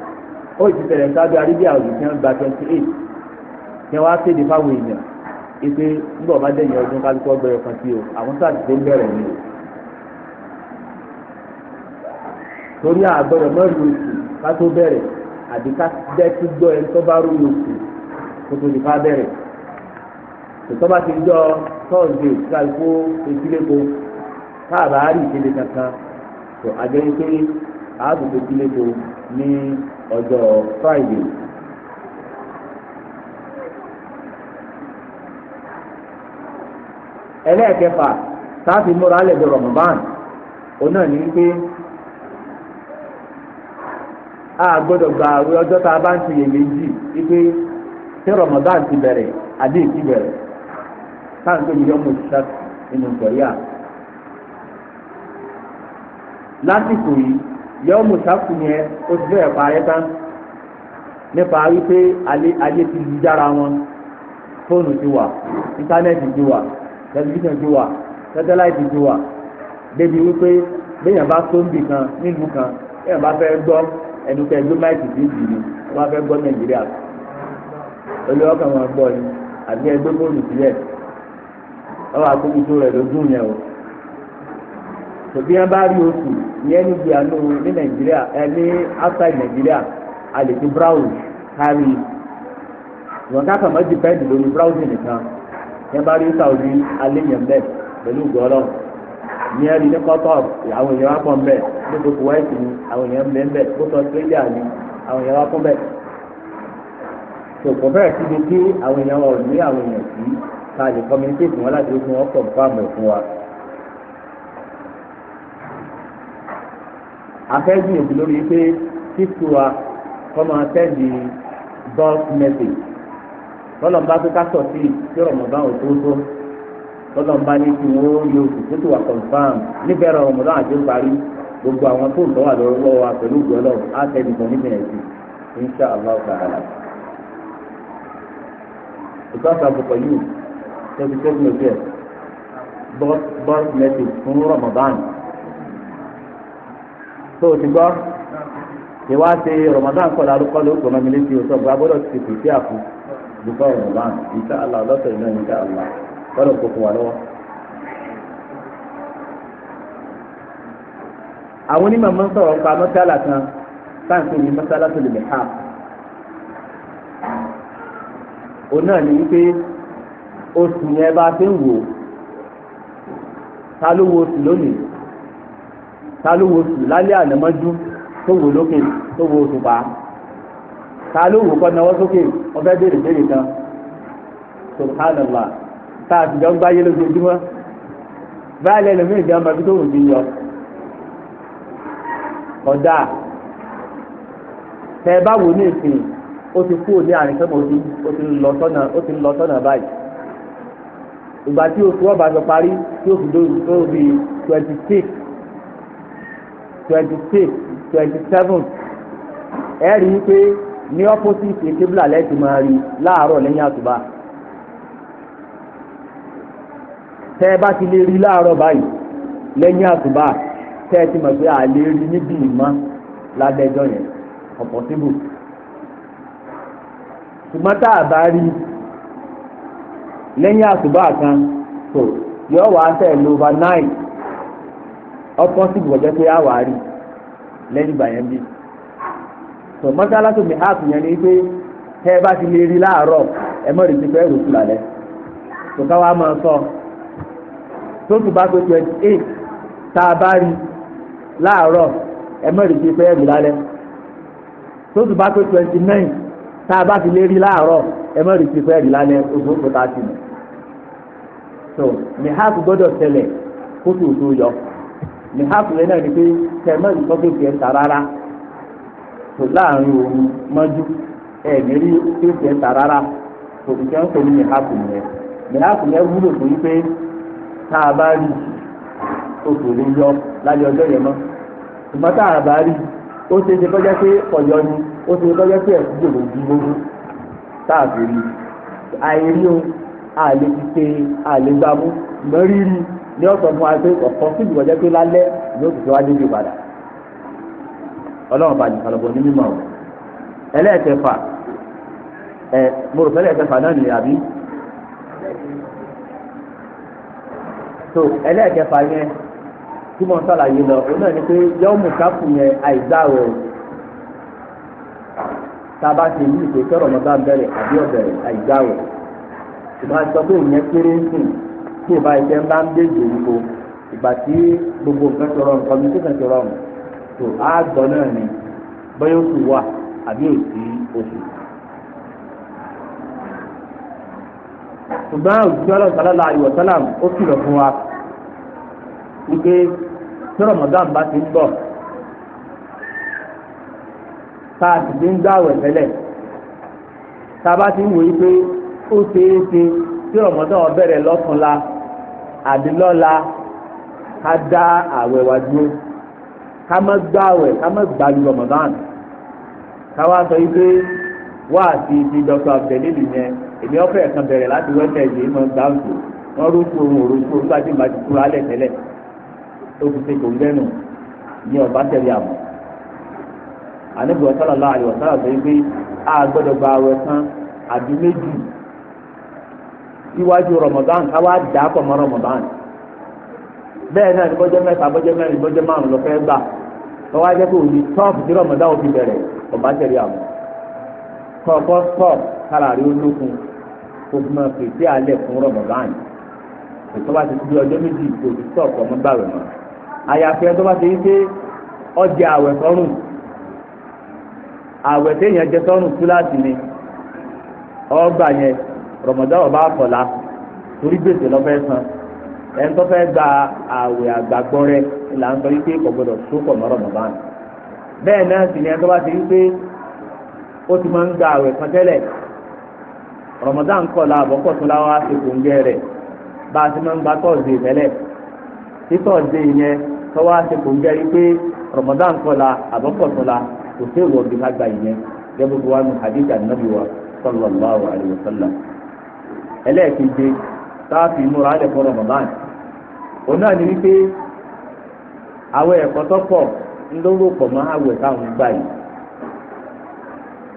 Speaker 1: ó ti tẹ̀lé sáájú arábíà òdì tí wọ́n gba twenty eight tí wọ́n á kéde fáwọn èèyàn ipe nígbà ọba dẹ̀yìn ọdún kálukú ọgbẹ̀rẹ̀ kan sí o àwọn sáà ti tó ń bẹ̀rẹ̀ ni o torí àgbọ̀dọ̀ mọ́rin oṣù ká tó bẹ̀rẹ̀ àbí ká dẹ́tí gbọ́ ẹni tó bá rú oṣù kó tó di ká bẹ̀rẹ̀ tòtọ́ bá ti jọ tọ́ọ̀dé kálukú etílẹ̀kọ káàbà á rí ìkéde kankan tó àjẹ́ pé àádùgbò kílẹ̀kọ ní ọjọ́ Friday. ẹlẹ́ẹ̀kẹfà sáàfin múra lẹ́dọ̀ Ramadan òun náà ní wípé a gbọ́dọ̀ gba àwọn ọjọ́ tá a bá ń ṣiyè méjì wípé tí Ramadan ti bẹ̀rẹ̀ àbí èkì bẹ̀rẹ̀ táǹkì mi yọ mùsàkù yẹn ó ti bẹ́ẹ̀ parẹ́ tán nípa wípé ayé ti lu jára wọn fóònù ti wà íńtánẹ́ẹ̀tì ti wà tẹlifíṣàn ti wà sẹtẹláìtì ti wà débi wípé béèyàn bá sóńbì kan nílùú kan béèyàn bá fẹ́ gbọ́ ẹnu kẹ́ gbé máìkì sí ìdì ni wọ́n bá fẹ́ gbọ́ nàìjíríà olú ọkàn wọn gbọ́ ni àbí ẹgbẹ́ fóònù sílẹ̀ ọwọ́ àkókò tó rẹ̀ lógún yẹn o tòbí wọn bá rí oṣù ní ẹni gbé àánú ní nàìjíríà ẹ ní outside nàìjíríà a lè fi browse kárí ìwọ̀n ká kàmá dìpẹ́ndì lórí browse nìkan yẹn bá rí saudi alẹ́yẹ̀mbẹ́ pẹ̀lú gọ́lọ́ ní ẹni ní kọ́tọ́ àwọn èèyàn wá pọ̀ mbẹ́ ní gbogbo wáìtì ni àwọn èèyàn mbẹ́ mbẹ́ gbogbo australia ni àwọn èèyàn wá pọ̀ mbẹ́ tòkò bẹ́ẹ̀ síbi tí àwọn èèyàn wọ̀ ní àwọn èèyàn sí ká lè communicate wọn láti fún wọn pọ̀ fáàmù fún wa. afẹ́jú èdè lórí pé títù wa kọ́ máa tẹ́lẹ̀ bulk message tọ́lọ̀ ń bá tó ká tí Ramadan ò tó tó ní kí wọ́n tó tó wà confam níbẹ̀rẹ̀ Ramadan àti parí gbogbo àwọn tó ń tọ́ wà lọ́wọ́ wa pẹ̀lú ìgbọ́lọ́ á kan níbi ẹ̀sìn insha allah ta'ala. ìtọ́sà àbùkọ̀ yìí tẹ́bi tẹ́bi lọ́sẹ̀ fún so ti gbọ́ ṣe wá ṣe Ramadan kọ́lá ló kọ́lé ògbọ́n mi létí o sọ gba gbọ́dọ̀ ti pèsè àpò dùkọ́ Ramadan insha Allah lọ́sẹ̀ náà insha Allah kọ́lọ̀ kó fún wa lọ́wọ́. àwọn onímọ̀ mọ́ sọ̀rọ̀ nípa ha náà ní wípé oṣù yẹn bá wo oṣù lónìí ta ló wo sùn lálẹ́ ànámọ́jú tó wò lókè tó wo òṣùpá ta ló wò kọ́ náwó sókè ọfẹ́ béèrè béèrè kan subhanallah tá a ti jọ ń gbáyé lójoojúmọ́ báyìí lẹ́nu mí ìjọba ibi tó wù mí yọ ọ̀dà tẹ bá wò ní ìsìn ó ti kúrò ní àárín sọ́mọ́ ó ti lọ sọ́nà ó ti lọ sọ́nà báyìí ìgbà tí oṣù ọba sọ parí tí oṣù tó bí twenty six twenty six twenty seven ẹ rí i pé ní opposite kébìlà lẹ́tì máa rí láàárọ̀ lẹ́yìn àtùbà tẹ́ ẹ bá ti lè rí láàárọ̀ báyìí lẹ́yìn àtùbà tẹ́ ẹ ti mọ̀ pé àlè rí níbi ìmọ̀ lábẹ́jọ́ yẹn ọ̀pọ̀síbù ṣùgbọ́n tá a bá rí lẹ́yìn àtùbà kan tó yọ wá tẹ̀ lóba nine ọkọ sì gbọ̀jẹ́ pé àwárí lẹ́yìn ìgbà yẹn bí tó mọ́sálásù mi áàpù yẹn ni pé tẹ́ bá ti lè rí láàárọ̀ ẹ mọ̀ rí ti fẹ́ rò fúlà lẹ́ tó ká wá máa sọ tó tù bá pé twenty eight tá a bá rí láàárọ̀ ẹ mọ̀ rí ti fẹ́ rò lálẹ́ tó tù bá pé twenty nine tá a bá ti lè rí láàárọ̀ ẹ mọ̀ rí ti fẹ́ rò lálẹ́ oṣù tó tá a ti mọ̀ tó mi áàpù gbọ́dọ̀ tẹ̀lé kó tó tó yọ ní hàpùlẹ̀ náà ni pé kẹ̀mọ́ ìtọ́jú fi ẹ̀ta rárá tó láàrin òun mọ́jú ẹ̀ mérí tó fi ẹ̀ta rárá kò sì kẹ́ ń pè ní ní hàpùlẹ̀ ní hàpùlẹ̀ wúlò fún yí pé tá a bá rí oṣù lè yọ lálẹ́ ọjọ́ yẹn mọ́ ṣùgbọ́n tá a bá rí ó ṣe ṣe kọjá pé ọ̀yọ́ ni ó ṣe kọjá pé ẹ̀kú gbòòrò ju lógún tá a fi rí àìrí o àlè ti ṣe àlè gbàmú mọ́rírì ní ọ̀sọ̀ fún wa pé ọ̀kan sí ìgbọ̀jẹ́ pé lálẹ́ yóò fi wá débi padà ọlọ́run bá jùlọ bọ̀ ní mímọ́ o ẹlẹ́ẹ̀kẹfà ẹ mo rò fẹ́lẹ́ ẹ̀kẹfà náà nìyà bí so ẹlẹ́ẹ̀kẹfà yẹn tí mo ń sàlàyé lọ òun náà ni pé yọ́ọ̀mù káfù yẹn àìgbà rẹ̀ o tába ti ní ìpè kẹrọ ọmọ bá bẹ̀rẹ̀ àbí ọbẹrẹ àìgbà rẹ̀ ìgbà sọ pé ìyẹn kéré ń sìn tí ìbá iṣẹ́ ń bá ń dé ìgbèríko ìgbà tí gbogbo nǹkan ti rọrùn communication ti rọrùn tó á gbọ́ náà ni bóyá oṣù wà àbí òsì oṣù. ṣùgbọ́n òṣìṣẹ́ ọlọ́sàlọ́lá ìwọ̀sálàm ó kìlọ̀ fún wa wípé tí Ramadan bá ti ń bọ̀ tá a sì ti ń gbàwẹ̀ tẹ́lẹ̀ tá a bá ti ń wòye pé ó ṣeé ṣe tí ọmọdé wọn bẹ̀rẹ̀ lọ́túnla àdìlọ́la ká dá àwẹ̀ wa dúró ká má gbá àwẹ̀ ká má gbàlú Ramadan ká wá sọ wípé wá àti ti dr abdelili yẹn èmi ọ̀fẹ́ kan bẹ̀rẹ̀ láti wẹ́tẹ̀ yìí mọ̀ gbáǹtò wọ́n rúkú ohun òrùkú nígbà tí màá ti kúrò alẹ́ tẹ́lẹ̀ tó fi ṣe kò ń gbẹ́nu ní ọ̀bá tẹ̀lé àmọ́ àníbùwọ̀ sọ́lá lọ́wọ́ àyẹ̀wò sọ́lá sọ wípé a gbọ́dọ̀ gba àwẹ̀ kan àbí méjì iwájú Ramadan káwá dà pọ̀ mọ́ Ramadan bẹ́ẹ̀ náà ní bọ́jọ́ mẹ́ta bọ́jọ́ mẹ́rin bọ́jọ́ márùn lọ fẹ́ gbà lọ́wọ́ ajẹ́ pé òní tọ́ọ̀f tí Ramadan ò fi bẹ̀rẹ̀ tẹ̀lé kọ̀ọ̀kọ́ olókun pèsè fún Ramadan ètò bá ti di ọjọ́ méjì kò sí ọmọ mọ́ àyàfi ẹ̀ tó bá ti rí pé ọjà àwẹ̀ rọmọdán ọba àkọlá torí gbèsè lọ́fẹ́ san ẹni tó fẹ́ gba àwẹ̀ àgbàgbọ́ rẹ là ń sọ wípé kò gbọdọ̀ tó pọ̀ mọ́ rọmọdán bẹ́ẹ̀ náà sì ni ẹni tó bá ti wípé ó ti máa ń gba àwẹ̀ kan tẹ́lẹ̀ rọmọdán kọlá àbọ̀kọ̀ tó láwọn àsìkò ń gẹ́ rẹ̀ bá a ti máa ń gba tọ́ọ̀dé tẹ́lẹ̀ tí tọ́ọ̀dé yẹn tọ́wọ́ àsìkò ń gẹ́ wípé rọmọdán kọlá àbọ̀kọ̀ tó la kò sí ìwọ̀n bí ká gba ìyẹn gẹ́gẹ́ bí wọ́n mú hadith ànábì wa sallallahu alayhi wa ẹlẹ́ẹ̀keje táàfin múra fi imu Ramadan òun náà ni wípé àwọn ẹ̀kọ́ tó pọ̀ ńlọ́rọ̀ pọ̀ mọ́ àwẹ̀ táwọn gbà yìí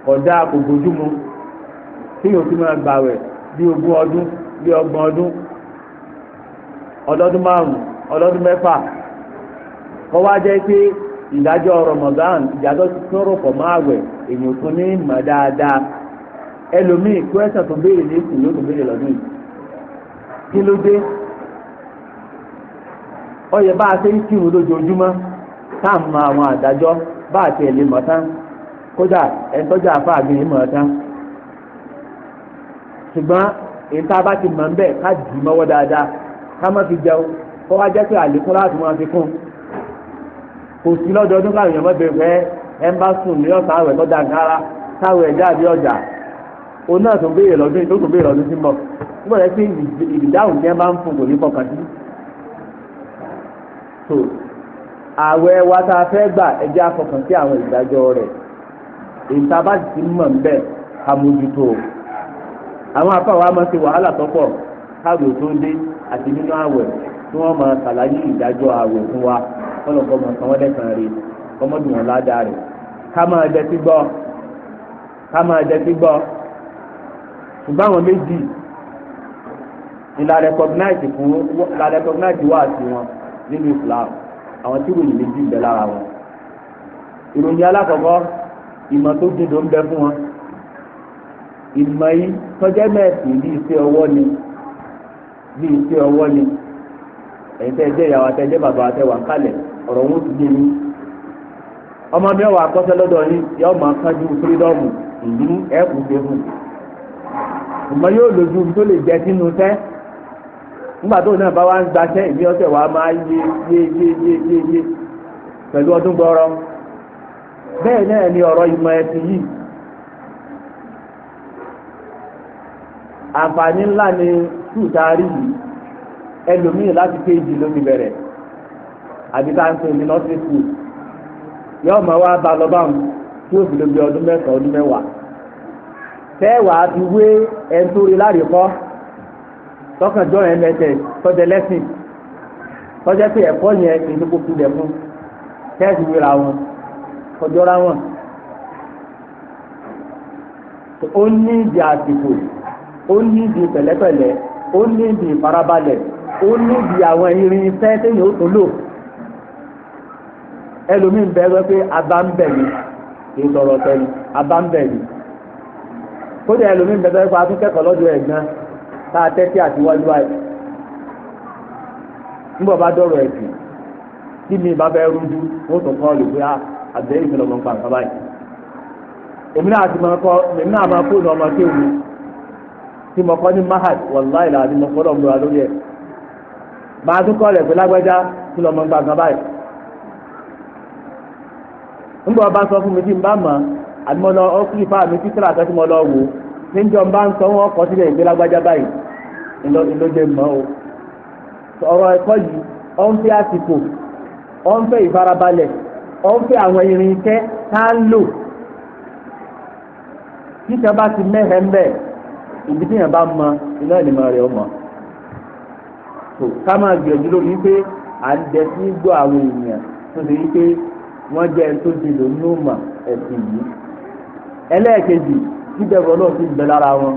Speaker 1: kọjá kò bójúmu tí yóò fi máa gbàwẹ̀ bí ogún ọdún bí ọgbọ̀n ọdún ọlọ́dún márùn-ún ọlọ́dún mẹ́fà kọ́ wá jẹ́ pé ìdájọ́ Ramadan ìdájọ́ tó rọ̀ pọ̀ mọ́ àwẹ̀ èèyàn tún ẹlòmíì kó ẹsẹ̀ tó béèrè ní ìsìn yóò béèrè lọ́dún yìí kí ló dé ọyẹ bá a ṣe ń kírun lójoojúmọ́ tá à ń mọ àwọn àdájọ́ bá a tiẹ̀ lè mọ̀ tán kódà ẹ̀ńtọ́jà àfáàgbìn tán ṣùgbọ́n bá ti mọ̀ ká dì fi jẹun kó wá jẹ́ pé àlékún láti fi kún kò sí lọ́dọọdún ń bá òun náà tó béèrè lọ́dún yìí tó tó béèrè lọ́dún tí ń bọ̀ nígbà tó ìdáhùn tí wọ́n bá ń fún kò ní fọkàn sí. ààwẹ̀ wa ta a fẹ́ gbà ẹjẹ́ afọkàn sí àwọn ìdájọ́ rẹ̀ ìta bá ti mọ̀ ń bẹ̀ ká mójútó àwọn afọ a máa wàhálà tó pọ̀ tó dé àti nínú ààwẹ̀ tí wọ́n máa ìdájọ́ ààwẹ̀ fún wa kọ́lọ̀kọ́ wọn ṣùgbọ́n àwọn méjì ni la recognize fún la recognize wá sí wọn nínú Islam àwọn tí ìròyìn méjì ń bẹ lára wọn ìròyìn alákọ̀ọ́kọ́ ìmọ̀ tó dídò ń bẹ fún wọn ìmọ̀ yìí tọ́jẹ́ mẹ́ẹ̀sì bí iṣẹ́ ọwọ́ ni bí iṣẹ́ ọwọ́ ni ẹ̀yin tẹ́ ẹ jẹ́ ìyàwó àtẹ́jẹ́ bàbá àtẹ́wà kálẹ̀ ọ̀rọ̀ wọn ti gbé mi ọmọ mẹ́wàá akọ́ṣẹ́ lọ́dọ̀ yìí yọ ọmọ akájú fírídọ́ọ̀mù ìlú ẹ̀kú gbé fún un ìmọ̀ yóò lójú tó lè jẹ sínú sẹ́ nígbà tó náà bá wá ń gbaṣẹ́ ìbí ọ̀sẹ̀ wa máa yé yé yé yé yé yé pẹ̀lú ọdún gbọ́rọ́ bẹ́ẹ̀ náà ni ọ̀rọ̀ ìmọ̀ ẹ̀sìn yìí àǹfààní ńlá ni tùtàrí yìí ẹlòmíì láti kéjì lómi bẹ̀rẹ̀ àbí ká ń pè ní nọ́ọ̀sì skul yọ́ọ̀ mọ̀ wá bá lọ́bàá tí ó fi lóbi ọdún mẹ́sàn-án ọdún mẹ́wàá tẹ́wàá fi wé ẹni tó rí láre kọ́ tọkànjọ́ yẹn mẹ́tẹ̀ tọ́jẹ́ lẹ́sìn tọ́jẹ́ pé ẹ̀kọ́ yẹn kì í tó kó kulẹ̀ fún tẹ́ẹ̀sì wéra wọn kọjọ́ra wọn ó ní ìdí àsìkò ó ní ìdí pẹ̀lẹ́pẹ̀lẹ́ ó ní ìdí ìfarabalẹ̀ ó ní ìdí àwọn irinṣẹ́ téèyàn ó tó lò ẹlòmíín bẹ́ẹ̀ rẹ́ pé abá ń bẹ̀ mí kì í sọ̀rọ̀ tẹ́lẹ̀ abá ń bẹ̀ mí. kódà ẹlòmíín bẹ̀rẹ̀ bẹ́ẹ̀ pa tún kẹ́kọ̀ọ́ lọ́dọ̀ ẹ̀ gan tá a tẹ́tí àti wájú àì nígbà bá dọ̀rọ̀ ẹ̀sìn tí mi bá bẹ́ẹ̀ rújú wọ́n tún kọ́ lè ah, nǹkan èmi náà ti máa kọ́ èmi ọmọ tí mo kọ́ ní mahad mo lórí ẹ̀ máa tún kọ́ lẹ̀ pé lágbájá kí lọ́mọ nǹkan bá sọ àbí mo lọ ọkùnrin fáwọn mi títí làtọ́ tí mo lọ wò níjọ bá ń sọ wọn kọ sílẹ̀ ìgbélágbájá báyìí ìlójẹ mọ́ o ọ̀rọ̀ ẹ̀kọ́ yìí ó ń fẹ́ àsìkò ó ń fẹ́ ìfarabalẹ̀ ó ń fẹ́ àwọn irin tẹ́ tá ń lò títẹ̀ bá ti mẹ́hẹ̀ ń bẹ̀ ìdí tí yẹn bá mọ iná ìlímọ̀ rẹ̀ ọmọ tó ká máa gbìyànjú lórí wípé à ń dẹ sí gbọ́ àwọn èèyàn tó ṣe wípé wọ́n jẹ́ ẹni tó ti lò ní òmà ẹ̀sìn yìí ẹlẹ́ẹ̀kejì bíbẹ̀rù ọlọ́run ti bẹ̀ lára wọn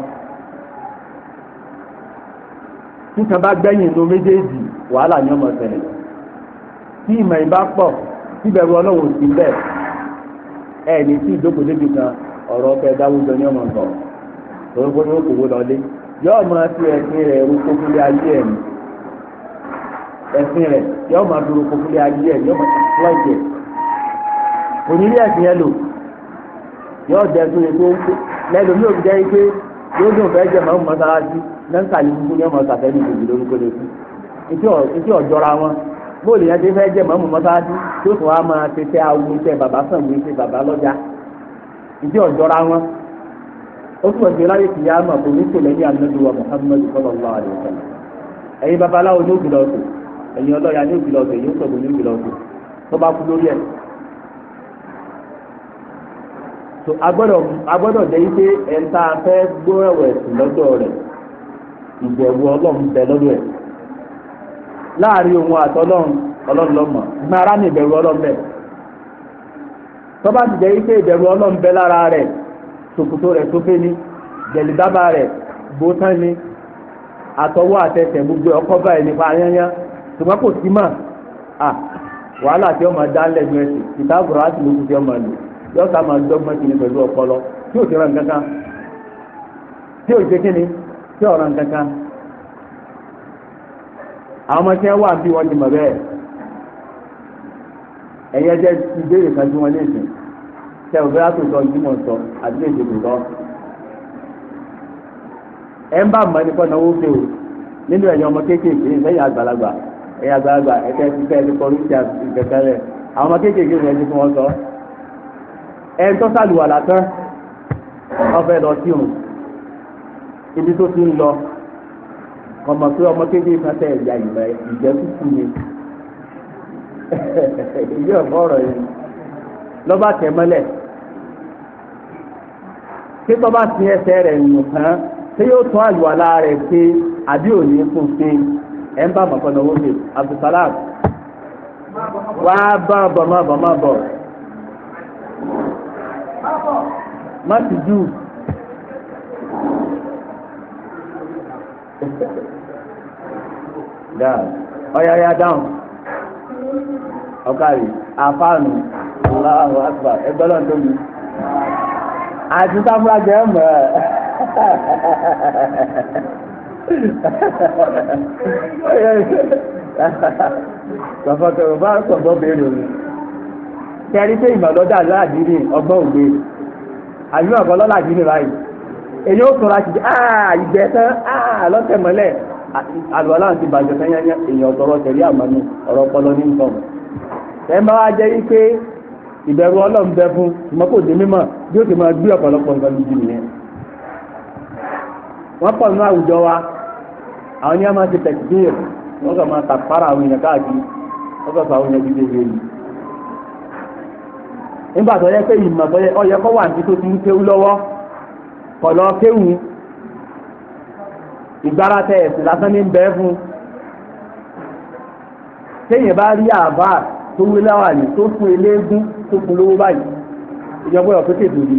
Speaker 1: títan bá gbẹ̀yìn inú méjèèjì wàhálà ni ọmọ ṣẹlẹ̀ tí ìmọ̀ ìbá pọ̀ bíbẹ̀rù ọlọ́run ti bẹ̀ ẹ̀ ní tí ìjókòó débi kan ọ̀rọ̀ ọ̀fẹ́ dáwùjọ ni ọmọ sọ̀rọ̀ torí pé yóò kówó lọlé yóò máa fi ẹ̀sìn rẹ̀ ru kókúlé ayé ẹ̀ ẹ̀sìn rẹ̀ yóò máa fi ru kókúlé ayé ẹ̀ yóò máa fi fúláìtì ẹ̀ òní ilé ẹ̀sìn yẹn lò yóò jẹ tó yẹ tó ń pé lẹ́nu mi ò fi jẹ́ pé yóò dùn fẹ́ jẹ́ màmú mọ́sálásí náà ń kàlí fún yẹn mọ́sàfẹ́ ní ìdòwú lórúkọ lẹ́kù etí ọ̀jọ́ra wọn bóòlù yẹn ti fẹ́ jẹ́ màmú mọ́sálásí tó tún wá máa ti tẹ́ awo iṣẹ́ bàbá sàmú iṣẹ́ bàbá lọ́jà ọ̀jọ́ra wọn ó kò ní kò lẹ́yìn wa sallallahu ẹ̀yin babaláwo ní tó agbọ́dọ̀ jẹ́ wípé ẹ̀ńtà fẹ́ gbóhẹ̀wò ẹ̀sìn rẹ̀ ìbẹ̀wò ọlọ́run bẹ lọ́dọ̀ ẹ̀ láàrin òun àtọ́lọ́run ọlọ́run lọ́mọ gbára ní ìbẹ̀wò ọlọ́run bẹ̀ ti jẹ́ ọlọ́run bẹ lára rẹ̀ rẹ̀ tó fẹ́ ni rẹ̀ ni àtọwọ́ àtẹsẹ̀ gbogbo yóò ká máa dọ́gbọ́n kìíní pẹ̀lú ọpọlọ tí tí ṣe tí ò ra nǹkan àwọn ọmọ tí wọ́n wà bí wọ́n ti mọ̀ bẹ́ẹ̀ ẹ̀yẹ jẹ́ ìbéèrè kan tí wọ́n lè sìn tẹ ò bẹ́ẹ̀ tó ìdímọ̀ sọ àti lè dìbò ẹ ń bá nípa o nínú ẹ̀yìn ọmọ kéékèèké ìfẹ́yìn àgbàlagbà ẹ̀yìn àgbàlagbà ẹ̀kẹ́ ẹ̀ ń tọ́ sàlùwàlà tán ọfẹ́ lọ sí òun ibi tó ti ń lọ ọmọ pé ọmọ kékeré kan tẹ̀ ẹ̀yà ìgbà ìjẹ́kùkù ni ìyé ọ̀fọ́ ọ̀rọ̀ yẹn lọ́ba tẹ̀ mọ́lẹ̀ kí tọ́ba sí ẹsẹ̀ rẹ̀ nù tán ṣé yóò tún àlùwàlà rẹ̀ ṣe àbí òní fún ṣe ẹ̀ ń bá mọ̀kànlọ́wọ́ mi Abdulsalam wàá bá bọ̀ má ti jù.
Speaker 2: dáa ọ̀yà ọ̀yà dáhùn
Speaker 1: ọ̀kàrí àfáànù aláwọ̀ àgbà ẹgbẹ́ lọ́n tó mi àti sáfúrájẹ mọ̀ ẹ́ sọ̀fọ̀kẹ̀rọ̀ bá sọ̀bọ̀ bẹ̀rẹ̀ mi. kẹrí pé ìmọ̀lọ́dà lọ́làdínì ọgbọ́n ògbé àbí ọ̀gbọ́n lọ́làdínì báyìí èyí ó tún ti tán ti tọrọ tẹ̀lé ọ̀rọ̀ ní nǹkan ẹ wá jẹ́ ìbẹ̀rù ọlọ́run bẹ fún dé bí ó ti máa gbé ọ̀pọ̀lọpọ̀ nǹkan lójú nìyẹn wọ́n pọ̀ nínú àwùjọ wa àwọn ní a máa ti tẹ̀síbíyè wọ́n kàn máa tàpárà àwọn èèyàn káàkiri nígbà tó yẹ pé ìmọ̀ bọ́yẹ ọ yẹ kó wà ní tó ti ń kéwú lọ́wọ́ kọ̀ lọ kéwú ìgbára tẹ ẹ̀sìn lásán ní bẹ́ẹ̀ fún téèyàn bá rí àbá tó wé láwà ní tó fún eléégún tó fún lówó báyìí ìyọ̀wé ọ̀ tó kéde òdì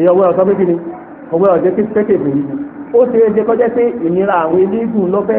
Speaker 1: ìyọ̀wé ọ̀ tó kéde ó ṣe é ṣe kọjá pé ìnira àwọn eléégún lọ́fẹ́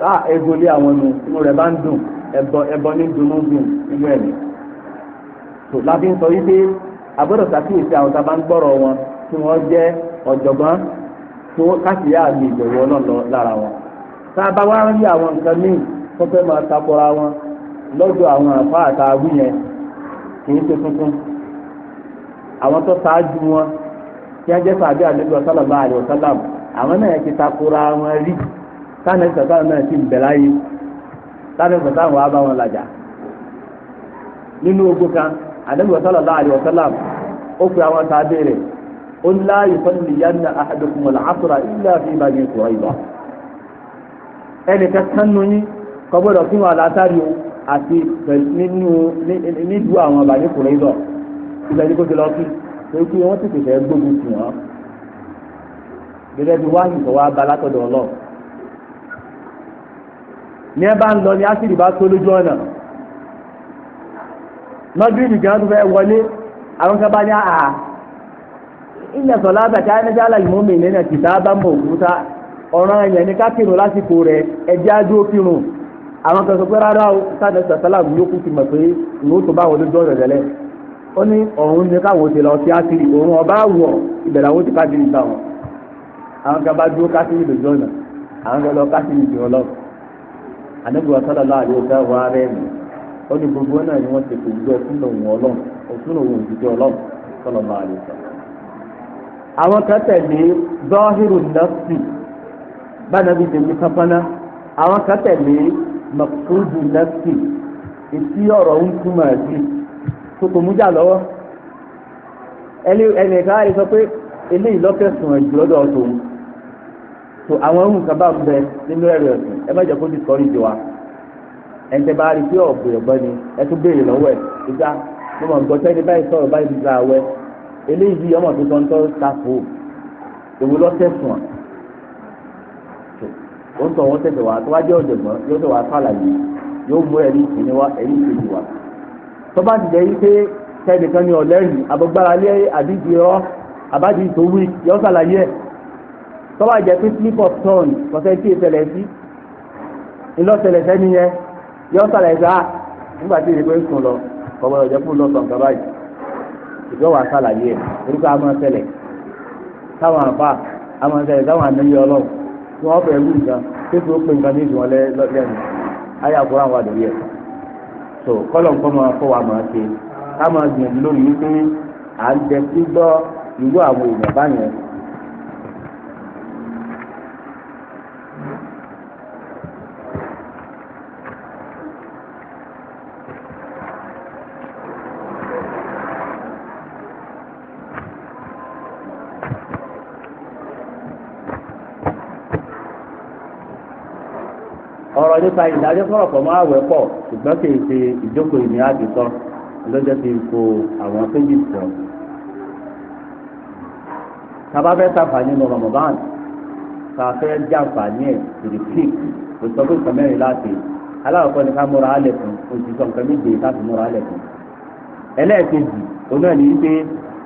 Speaker 1: ká ah, egolé àwọn nu inú rẹ̀ bá ń dùn ẹbọ ẹbọ ní dunú dùn inú ẹ̀mí. tó láti ń àwọn tá a bá ń gbọ́rọ̀ wọn tí wọ́n jẹ́ ọ̀jọ̀gbọ́n tó wọn. tá a bá wá rí àwọn nǹkan míì tó fẹ́ máa wọn àwọn àfa àtàwí yẹn kì í ṣe tuntun àwọn tó ṣáájú wọn wọ́n jẹ́ sàbí táwọn ẹ̀sìn ọ̀sán náà ti bẹ̀ láyé táwọn ẹ̀sìn ọ̀sán wàá bá wọn làjà nínú ogun kan ànábì sallallahu alaihi wasallam ó pe àwọn sáadé rẹ̀ ó ní la yusalliyanna ahadukum al-asra illa fi bani Qurayza ẹnìkan kánú yín kò gbọ́dọ̀ fún wa látàrí o àti nínú nídú àwọn bani Qurayza ìgbà ní kó ti lọ kí pé kí ti pèsè gbógun tì wọ́n gẹ́gẹ́ bí wáyé tó wá látọ̀dọ̀ ọlọ́run ní ẹ bá ń lọ ní ásìrì bá tó lójú ọ̀nà mọ́gírìbì kan tó fẹ́ wọlé àwọn kan bá ní àà ilẹ̀ sọ̀lá àbàtà ẹnẹ́jà alàlùmọ́ mi nínú ẹ̀kìtà bá mọ̀ òkúta ọ̀ràn ẹ̀yẹ̀ ní kákìrún lásìkò rẹ̀ ẹ̀jẹ̀ ájó kírun àwọn kan sọ pé rárá o sáde sàtàlà yòókù ti mọ̀ pé ìwé tó bá wọlé dọ́ọ̀rọ̀ rẹ̀lẹ̀ ó ní ọ̀run ní káwọn ti lọ sí àṣírí òun ọba wọ̀ ìbẹ̀rẹ̀ àwọn ti káàdì níta wọn àwọn kan bá dúró káṣírí lójú ọ̀nà àwọn kan lọ káṣírí jù ọ lọ́wọ́ anabiwa sallallahu alaihi wasallam wà rẹ̀ mi ó ní gbogbo náà ni wọ́n ti kò gbé ọtún lòun ọlọ́run ọtún lòun òjijì ọlọ́run sallallahu alaihi wasallam. àwọn kan tẹ̀lé zọ́hírù nọ́ọ̀sì bánàbí tẹ̀lé pápáná àwọn kan tẹ̀lé mọ̀kúndù nọ́ọ̀sì ètí ọ̀rọ̀ ń túmọ̀ sí kókò mújà lọ́wọ́ ẹnìkan á lè sọ pé eléyìí lọ́kẹ̀sùn ẹ̀jù lọ́dọ̀ ọ̀tún so àwọn ohun kan bá ń bẹ nínú ẹ̀rọ ẹ̀sìn ẹ má jẹ́ kó discourage wa ẹ̀ǹtẹ̀ bá rí pé ọ̀bùn ọ̀gbọ́n ni ẹ tún béèrè lọ́wọ́ ẹ̀ ìgbà mo mọ̀ nǹkan sẹ́ni báyìí sọ̀rọ̀ báyìí ti gba àwẹ̀ eléyìí ọmọ tó tọ́ ń tọ́ sáfò èwo lọ́sẹ̀ sùn à ó ń tọ̀ wọ́n tẹ̀sẹ̀ wá tó wá jẹ́ ọ̀jọ̀gbọ́n yóò tẹ̀ wá sàlàyé yóò mú ẹ̀rí ìkíní wá ẹ̀rí ìkejì wá tó bá ti jẹ́ yí pé sẹ́nìkan ni ọ̀lẹ́rìí àbọ̀gbára lé àdíjì rọ́ àbájì tó wí yọ sàlàyé ẹ̀ tọ́wọ́ jẹ́ pé slip of tongue kọ̀sẹ́ tí ìṣẹ̀lẹ̀ sí ìlọ́sẹ̀lẹ̀ sẹ́ni yẹn yọ sàlẹ̀ sá ah, nígbà tí ìrìnkú sùn lọ kọ̀wé ọ̀jẹ̀ fún lọ́sọ̀ nǹkan báyìí ìjọ wà sàlàyé ẹ̀ orúkọ àmọ́ sẹlẹ̀ táwọn àfa àmọ́ sẹlẹ̀ táwọn àníyàn ọlọ́run tí wọ́n fẹ́ wú nǹkan tí kò pé nǹkan ní ìdùn ọlẹ́ lẹ́nu ayé àkúrò àwọn àdòrí ẹ̀ so kọ́lọ̀ nǹkan máa fọ́ wa máa ṣe ká máa gbìyànjú lónìí wípé à ń jẹ sí gbọ́ ìwú àwọn èèyàn báyẹn ọ̀rọ̀ nípa ìdájọ́ sọ̀rọ̀ pọ̀ máa wẹ̀ pọ̀ ṣùgbọ́n kì í ṣe ìjókòó ìní àdìsọ lọ́jọ́ tí n kó àwọn péjì sọ. tábà fẹ́ sàǹfààní ní Ramadan ẹ̀ kò sọ láti aláwọ̀kọ́ ni ká múra òṣìṣọ́ nǹkan méje múra ẹlẹ́ẹ̀kejì ní wípé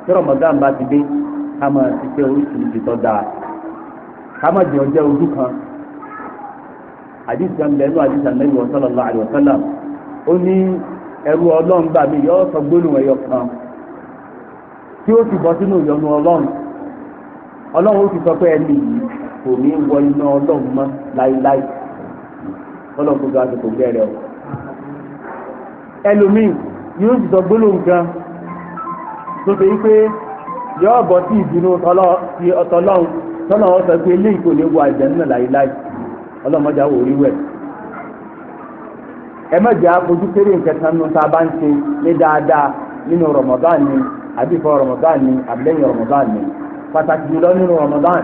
Speaker 1: tí Ramadan bá ti dé ká kan hadith kan bẹ́ẹ̀ nínú hadith anabi wa sallallahu alayhi wa sallam ó ní ẹrú ọlọ́run gbà mí yọ sọ gbólóhùn ẹyọ kan tí ó sì bọ́ sínú ìyọnu ọlọ́run ọlọ́run ó ti sọ pé ẹni yìí kò ní wọ iná ọlọ́run mọ́ láíláí ọlọ́run tó ga àsìkò gbẹ̀rẹ̀ o ẹlòmíì yóò sì sọ gbólóhùn kan tó ṣe wípé yọ ọ̀bọ̀ sí ìbínú tọ́lọ́run tọ́lọ́run sọ pé eléyìí kò wọ àìjẹ́ náà láíláí. ọlọ́mọdé àwọn orí ẹ má jẹ́ àfojú kéré nǹkan nù tá a bá ń ṣe ní dáadáa nínú rọmọdán ni àbí rọmọdán Ramadan ni àbílẹ̀yìn Ramadan ni pàtàkì jùlọ nínú rọmọdán.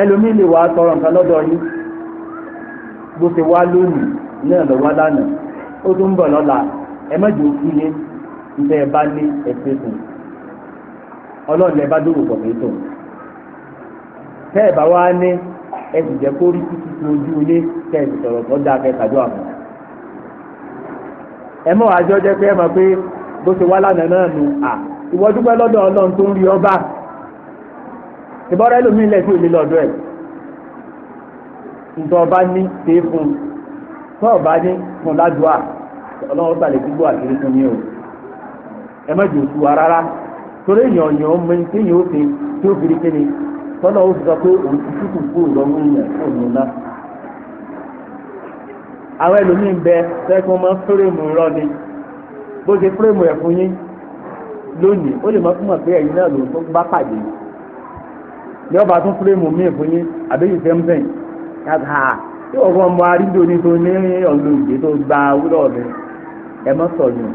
Speaker 1: ẹlòmíì lè wá tọrọ nǹkan lọ́dọ̀ bó ṣe wá lónìí wá lánàá ó tún bọ̀ lọ́la ẹ má jẹ́ òkú ń tẹ́ ẹ̀ wá ní ẹ sì jẹ́ kó rí títí tó ojú ilé tẹ́ ẹ sì sọ̀rọ̀ tó dáa kẹ́ tàbí àmọ́. ẹ mọ̀ jẹ́ pé ẹ mọ̀ pé bó ṣe wá lánàá náà à ìwọ dúpẹ́ lọ́dọ̀ ọlọ́run lọ́dọ̀ ẹ̀ ntọ́ ọba ní ṣe é fún tọ́ ọba ní fún ọlọ́run tọ́lọ̀ ó fi sọ pé òun ti tútù kú ìlọ́wọ́ èèyàn kò ní ná. àwọn ẹlòmíì ń bẹ sẹ́kùn mọ́ fírèmù irọ́ ni bó ṣe fírèmù ẹ̀ fún yín lónìí ó lè mọ́ fún mọ̀ pé ẹ̀yin náà lòun tó bá pàdé ní ọba tún fírèmù míì fún yín àbẹ́yìn fẹ́mfẹ́n yàtà tí wọ́n fọ́n mọ arídò ní tó ní ọ̀nà ìgbé tó gba wúlọ̀ rẹ̀ ẹ mọ́ sọ̀yìn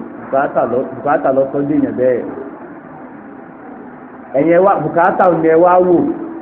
Speaker 1: bùkátà lọ́sọ́dé yẹn bẹ́ẹ̀ ẹ̀yẹn wá bùkátà ni ẹ wá wò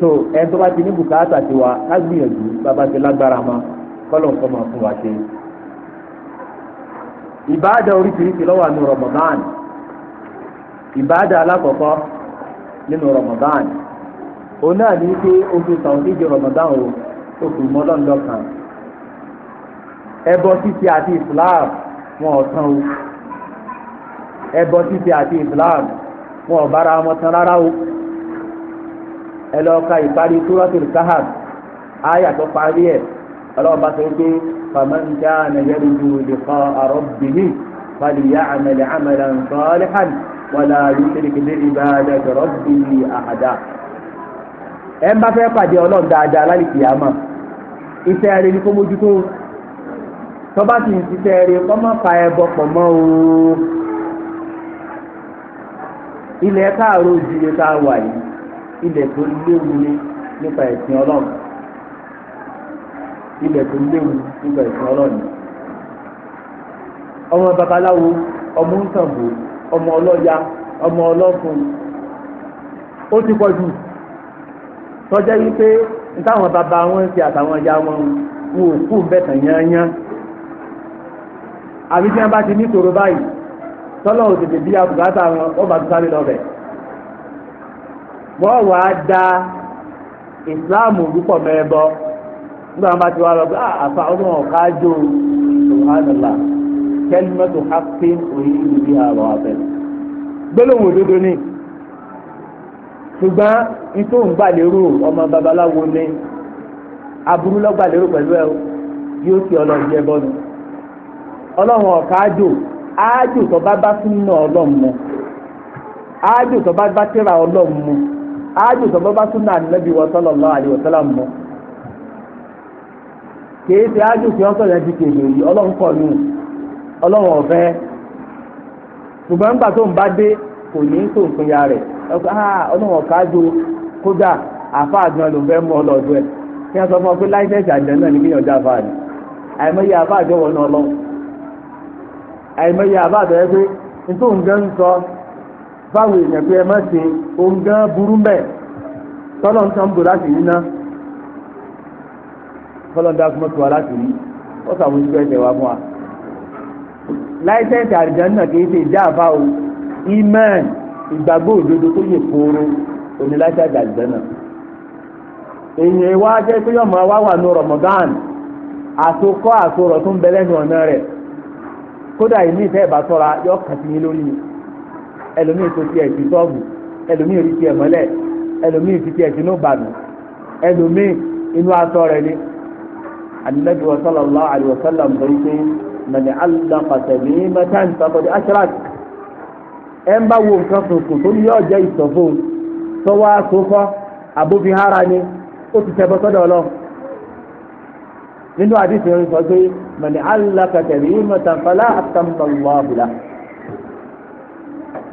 Speaker 1: so ẹni tó bá ti ní bùkátà ti wa ká gbìyànjú bàbá ti lágbára ma kọ́lọ̀ nǹkan máa fún wa ṣe. ìbáàdà oríṣiríṣi lọ́wọ́ àánú Ramadan ìbáàdà alákọ̀ọ́kọ́ nínú Ramadan òun náà ní pé oṣù sàwọn díje Ramadan o oṣù mọ́lọ́ńdọ́ kan ẹbọ títí àti Islam wọn ò tán o ẹbọ títí àti Islam wọn ò bára wọn tán rárá o ẹ lọ ka ìparí túrọ́tìlì káhàb ayà tó parí ẹ̀ ọlọ́run bá sọ pé faman kana yarju liqa'a rabbih falya'mal 'amalan salihan wala yushrik bi'ibadati rabbih ahada. ẹ ń bá fẹ́ pàdé ọlọ́run dáadáa lálùkì àmọ́ iṣẹ́ rẹ ni kó mójútó tọ́ba sì ń ṣiṣẹ́ rẹ kọ́ mọ́ fa ẹbọ pọ̀ mọ́ o ilẹ̀ káàró ìdílé tá yìí ilẹ̀ tó léwu ni nípa ẹ̀sìn ọlọ́run ilẹ̀ tó léwu nípa ẹ̀sìn ọlọ́run ọmọ babaláwo ọmọ nsàmbò ọmọ ọlọ́ya ọmọ ọlọ́fun ó ti pọ̀ jù tọ́jẹ́ wípé táwọn bàbá wọn ti àtàwọn ìyá wọn wọn ò kú bẹ́ẹ̀ tàn yányán àbí tí wọ́n bá ti níṣòro báyìí tọ́lọ́ òtètè bí abùkátà wọn wọ́n bá tún sáré lọ bẹ̀ẹ́. wọ́n wá da ìsìláàmù púpọ̀ mẹ́ẹ̀bọ nígbà wọn bá ti wá lọ pé ah, àfa ọdún ọ̀ká jò ṣùgbọ́nàlá kẹ́límẹ́tò hápé òyìn ìlú abẹ́ òdodo ni ṣùgbọ́n ọmọ babaláwo ni aburú pẹ̀lú yóò ti ọlọ́run ọlọ́run ọ̀ká ájù sọ bọ́bá tún náà nílẹ́bí wọ sallallahu alaihi wasallam mọ́ kìí ṣe ájù tí wọ́n sọ̀rọ̀ ti kèdè yìí ọlọ́run kọ̀ nù ọlọ́run ṣùgbọ́n tó ń bá dé ya rẹ̀ ah, ọlọ́run ọ̀kájú kódà àfa àgbọn ló fẹ́ mú ọlọ́dọ̀ ẹ̀ kí wọ́n sọ fún ọ pé láìsẹ̀sì náà ní kí yọjá fa àìmọye àfa náà fáwọn èèyàn pé ẹ má ṣe ohun gan burú mbẹ tọ́lọ̀ ń tán bò láti rí ná tọ́lọ̀ ń dákú mọ́tò wa láti rí wọ́n sàwọn ojú wa fún wa. láìsẹ̀ǹsì àrìjàn náà kì í ṣe ìjà àbá o imán ìgbàgbọ́ òdodo tó yẹ kóró òní láìsẹ̀ǹsì àrìjàn náà. èèyàn wa jẹ́ pé yọ̀mọ̀ wa wà ní Ramadan àtòkọ́ àtòrọ̀ tó ń bẹ lẹ́nu ọ̀nà rẹ̀ kódà ìmí ìfẹ́ ìbátọ́ra yọ ẹlòmíì tó tiẹ̀ sí sọ́ọ̀bù ẹlòmíì rí tiẹ̀ mọ́lẹ̀ ẹlòmíì fi tiẹ̀ sínú bàmí ẹlòmíì inú aṣọ rẹ̀ ni anabi wa sallallahu alayhi wa sallam bẹ̀rẹ̀ pé mẹ̀ni alakọ̀tẹ̀ ní mẹ́tàn sọ́kọ̀dé ashraf ẹ̀ ń bá wo nǹkan tuntun tó ní yóò jẹ́ ìsọ̀fún tọ́wọ́ àkókò àbófin ni ó ti tẹ́ bọ́ sọ́dọ̀ nínú àdìsí rẹ̀ sọ pé mẹ̀ni alakọ̀tẹ̀ ní mẹ́tàn fọlá àtàmùtàlùwà àbùlà.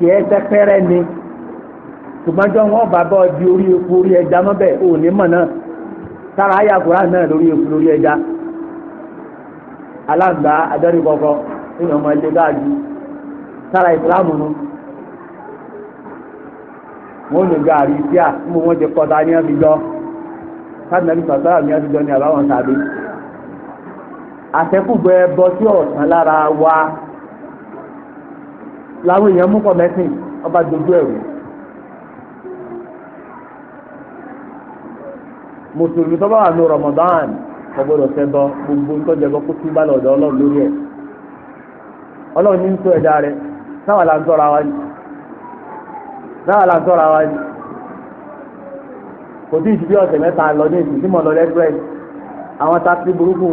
Speaker 1: tiẹ̀ sẹ́pẹ́rẹ́ ni tòmájọ́ wọn bá bọ́ di orí efu orí ẹja mọ́bẹ̀ o n'i mọ̀ náà Sara ayé àkùrá náà lórí epo lórí ẹja alágbá adarí kọ̀ọ̀kan nínú ọmọ ilé gáàdì sára ìsìlámù nù wọn ò ní gaari tíà wọn ti kọta ní ẹbí àbáwọn tàbí àtẹkùgbẹ sí ọ̀sán wa. làwọn èèyàn mú pọ̀ mẹ́sìn ọba dojú ẹ̀rù mùsùlùmí tó bá wà ní Ramadan ọgbọ́dọ̀ sẹ́bọ gbogbo nǹkan jẹ́ kó tún bá lọ́dọ̀ ọlọ́run lórí ẹ̀ ọlọ́run ní ń tó ẹ̀dá rẹ̀ sáwà là ń wa ni ń wa ni kò tí ì bí ọ̀sẹ̀ mẹ́ta lọ ní ìsìn tí mo lọ àwọn tákì burúkú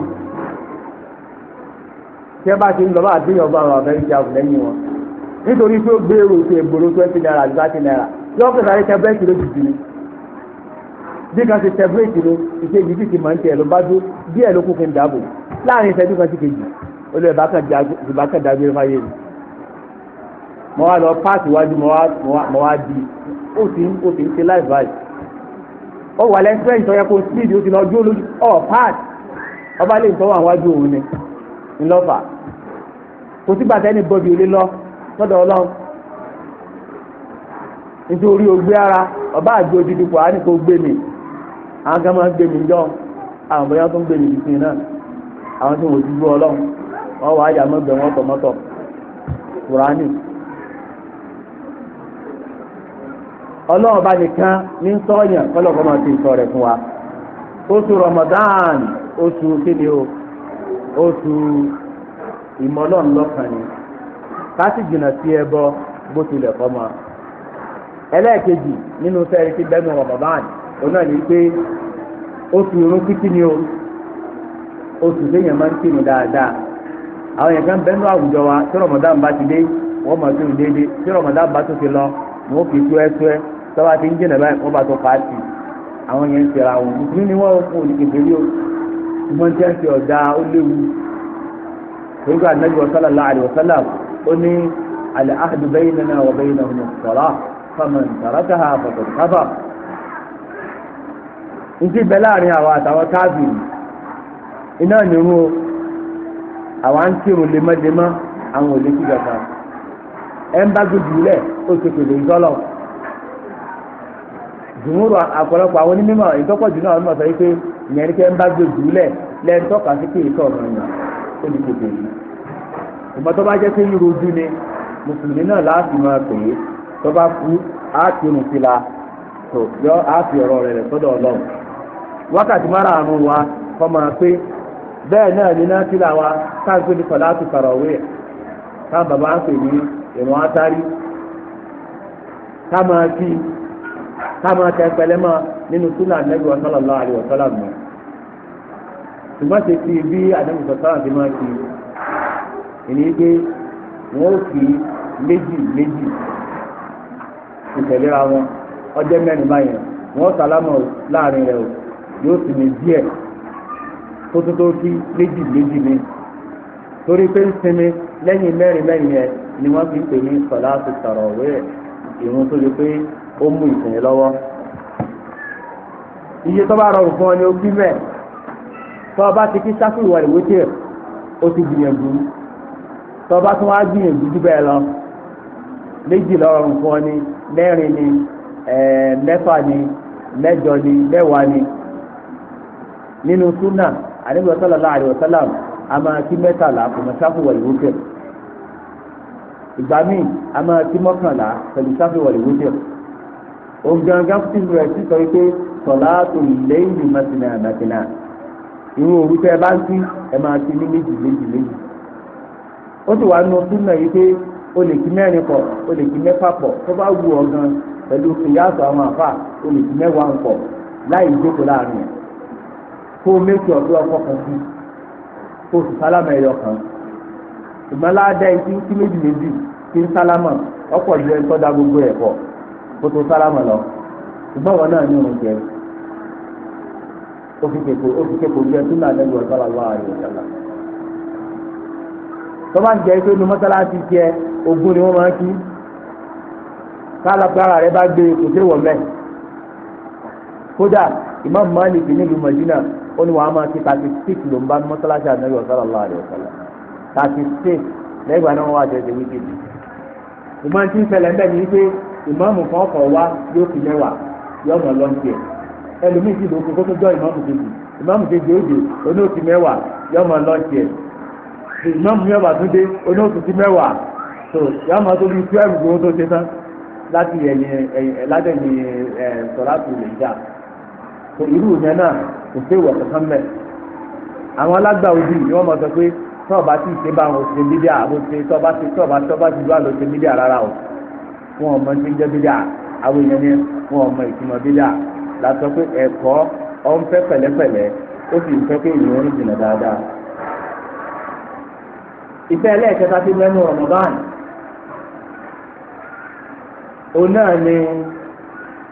Speaker 1: tí nítorí pé ó gbèrò ti ègbòrò twenty naira àti thirty naira lọ́kùnrin sáré tẹ bírèkì ló ti dìní bí kan ti tẹ bírèkì ló ìkejì sì ti mọ̀ ní tiẹ̀ ló bá dúró díẹ̀ ló kún fi ń dàbò láàrin ìṣẹ́jú kan sí kejì olè ìbákan dàbí ẹ fáyé mi mo wá lọ páàkì iwájú mo wá di ó ti ń ó ti ń ṣe láì báyìí ó wà lẹ́sẹ̀rẹ́ ìtọ́yẹ kó speed ó ti lọ dúró lójú ọ̀ páàkì ọba lè tọ́wọ́ àwọn iwájú òun ni ńlọ́fà kò sígbà tẹ́ni bọ́bí olé lọ́ọ́ lọ́dọ̀ ọlọ́run nítorí ogbé ara ọba àjò odidi pọ̀ á ní kó gbé mi àwọn kan máa ń gbé mi jọ àwọn bóyá tó ń gbé mi jìsìn náà àwọn tí wọn ò dúró ọlọ́run wọn wà á yà mọ́gbẹ́ wọn nìkan ní sọ́yàn Ramadan oṣù kíni o oṣù kasi sì jìnnà sí ẹbọ bó tilẹ̀ kọ́ mọ́ ẹlẹ́ẹ̀kejì nínú sẹ́ẹ̀rì tí bẹ́ẹ̀ mọ̀ Ramadan òun náà ní pé irun ni o oṣù téèyàn máa ń kírun dáadáa àwọn èèyàn kan bẹ́ẹ̀ ní àwùjọ wa tí Ramadan bá ti dé wọ́n mọ̀ tí bá ti lọ wọ́n fi tú tú ẹ́ ti ń jìnnà báyìí bá pa á àwọn ń wọn o ọ̀dà ó léwu torí ó ní àlẹ́ àdù baynana wa baynahum as-salah faman tarakaha faqad kafara. ntí bẹ láàrin àwọn àtàwọn káàbìrì iná nínú àwọn à ń kírun lemọ́lemọ́ àwọn ò lè kí gàgà ẹ ń bá gbèdú lẹ̀ ó ti pèlè ìtọ́lọ̀ jùmúrù àpọ̀lọpọ̀ àwọn onímọ̀ ìtọ́pọ̀ jù náà wọ́n mọ̀ sọ wípé ìyẹn ní ìmọ̀ tó bá jẹ́ pé yíro ojú ni mùsùlùmí náà láti máa pè é tó bá kú á ti rùn sí la tó yọ á fi ọ̀rọ̀ rẹ̀ sọ́dọ̀ ọlọ́run wákàtí márààrún wa kọ́ máa pé bẹ́ẹ̀ náà ní náà sílà wa káàkiri ní sọ̀lá ti fara òwe ẹ̀ ká bàbá ń pè ní ìwọ̀n átárí ká máa fi ká máa tẹ pẹ̀lẹ́ mọ́ nínú súnà àdínẹ́gbẹ̀wá sallallahu alaihi wasallam mọ́ ṣùgbọ́n ṣe ti bí àdínẹ́gbẹ̀wá sọ́lá èyí pé wọ́n ó fi méjì méjì ìtẹ̀léra wọn ọjọ́ mẹ́rin báyẹn wọ́n sálámọ̀ láàrin rẹ̀ o yóò sì ní díẹ̀ tó tó tó kí méjì méjì ni torí pé ń sinmi lẹ́yìn mẹ́rin mẹ́rin yẹn ni wọ́n fi ń pè ní sọ̀lá àti sọ̀rọ̀ òwe rẹ̀ ìrun tó di pé ó mú ìsìn lọ́wọ́ iye tó bá rọrùn fún ọ ni ó bí mẹ́ẹ̀ tó o bá ti kí sáfù ìwà ìwé tiẹ̀ ó ti gbìyànjú tọba tó wá gbìyànjú jù bẹ́ẹ̀ lọ méjì lọ́rùn fún ọ ní mẹ́rin ni mẹ́fà ni mẹ́jọ ni mẹ́wàá ni nínú súnà àdébí sallallahu alaihi wasallam a máa kí mẹ́tàlá kò mọ̀ sáfùwọ̀ ìwúkẹ́ ìgbà míì a máa kí mọ́kànlá pẹ̀lú sáfùwọ̀ ìwúkẹ́ òun gangan fún ìlú rẹ̀ sí sọ wípé sọ̀láàtò lẹ́yìn mẹ́tìnà mẹ́tìnà ìwọ̀n òwúkẹ́ bá ń kí ẹ máa kí ní méjì méjì méjì. ó sì wá nu súnà yìí pé o lè kime mẹ́rin pọ̀ o lè kí mẹ́fà pọ̀ tó bá wù ọ́ gan pẹ̀lú kìyàtọ̀ àwọn àfà o lè kí mẹ́wàá pọ̀ láì jókòó láàrin ẹ̀ kó o méjì ọ̀dọ́ ọkọ̀ kan sí kó o sì sálámà ẹ̀yọ kan ṣùgbọ́n ládàá ikú kí méjì méjì kí ń sálámà ọ̀pọ̀ ju ẹni tọ́da gbogbo ẹ̀ pọ̀ kó tó sálámà lọ wọn náà ní òun jẹ ó fi kéko tó bá ń jẹ́ pé nu mọ́sálásí tiẹ̀ ogún ni wọ́n máa ń kí kálápẹ́ ara rẹ bá gbé kò sí wọ̀mẹ́ kódà Imam Malik nílùú Madina ó ní wàá máa ti thirty six ló ń bá mọ́sálásí ànábì sallallahu alaihi wasallam thirty six lẹ́gbàá náà wà jẹ́ ìdíwí kejì ìmọ̀ tí ń ṣẹlẹ̀ ńbẹ̀ ni pé ìmáàmù kan kọ̀ wá yóò fi mẹ́wàá yóò mọ̀ lọ́ńtì ẹ̀ ẹlòmíì sì lóko kó tó jọ ìmáàmù kejì ìmáàmù kejì ó dé oní òfin mẹ́wàá yóò mọ̀ lọ́ńtì ẹ̀ ìmọ̀mù yóò bá tún dé oníhòtò sí mẹ́wàá tó yóò máa tó bí twelve gbowó tó ṣe tán láti ẹ̀yìn ẹ̀yìn ládẹ́yìn ẹ̀ sọ̀ràtù lè jà tó irú yẹn náà kò sí ìwọ̀ kankan mẹ́ àwọn alágbà òbí ni wọ́n máa sọ pé tọ́ọ̀ bá ti ṣe bá wọn ṣe mídíà àwọn ṣe tọ́ọ̀ bá ti tọ́ọ̀ bá tọ́ọ̀ bá ti dúró àlọ́ ṣe mídíà rárá o wọn ò mọ ṣe ń jẹ́ mídíà àwọn èèyàn ni wọn ò mọ ìtumọ̀ mídíà la sọ pé ẹ̀kọ́ ọ̀ ń fẹ́ pẹ̀lẹ́pẹ̀lẹ́ ó sì ń fẹ́ pé ìrìn orin jìnnà dáadáa ìfẹ́ ẹlẹ́ẹ̀kẹta ti mẹ́nu Ramadan òun ni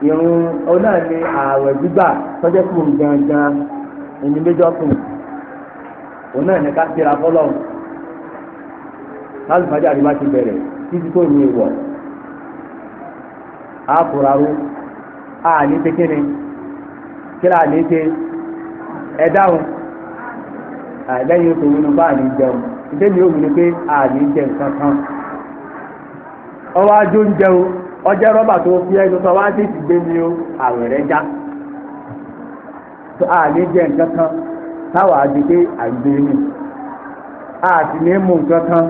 Speaker 1: irun òun ni ààwẹ̀ gbígbà tọ́jọ́ kù gangan ẹni méjọ́ kù òun ni ká síra fọlọ́ lálùfájà ni wá ti bẹ̀rẹ̀ títí tó ní ìwọ̀ a àní ṣe kíni kíra àní ṣe ẹ dáhùn àìlẹ́yìn tòun ní jẹun. ìdẹ́mi ò ní pé àní jẹ nǹkan kan ọwọ́ ajó ń jẹun ọjọ́ rọ́bà tó fi ẹnu sọ gbé o àwẹ̀ já àní a nǹkan kan táwa di pé àgbè mi àti ní mú nǹkan kan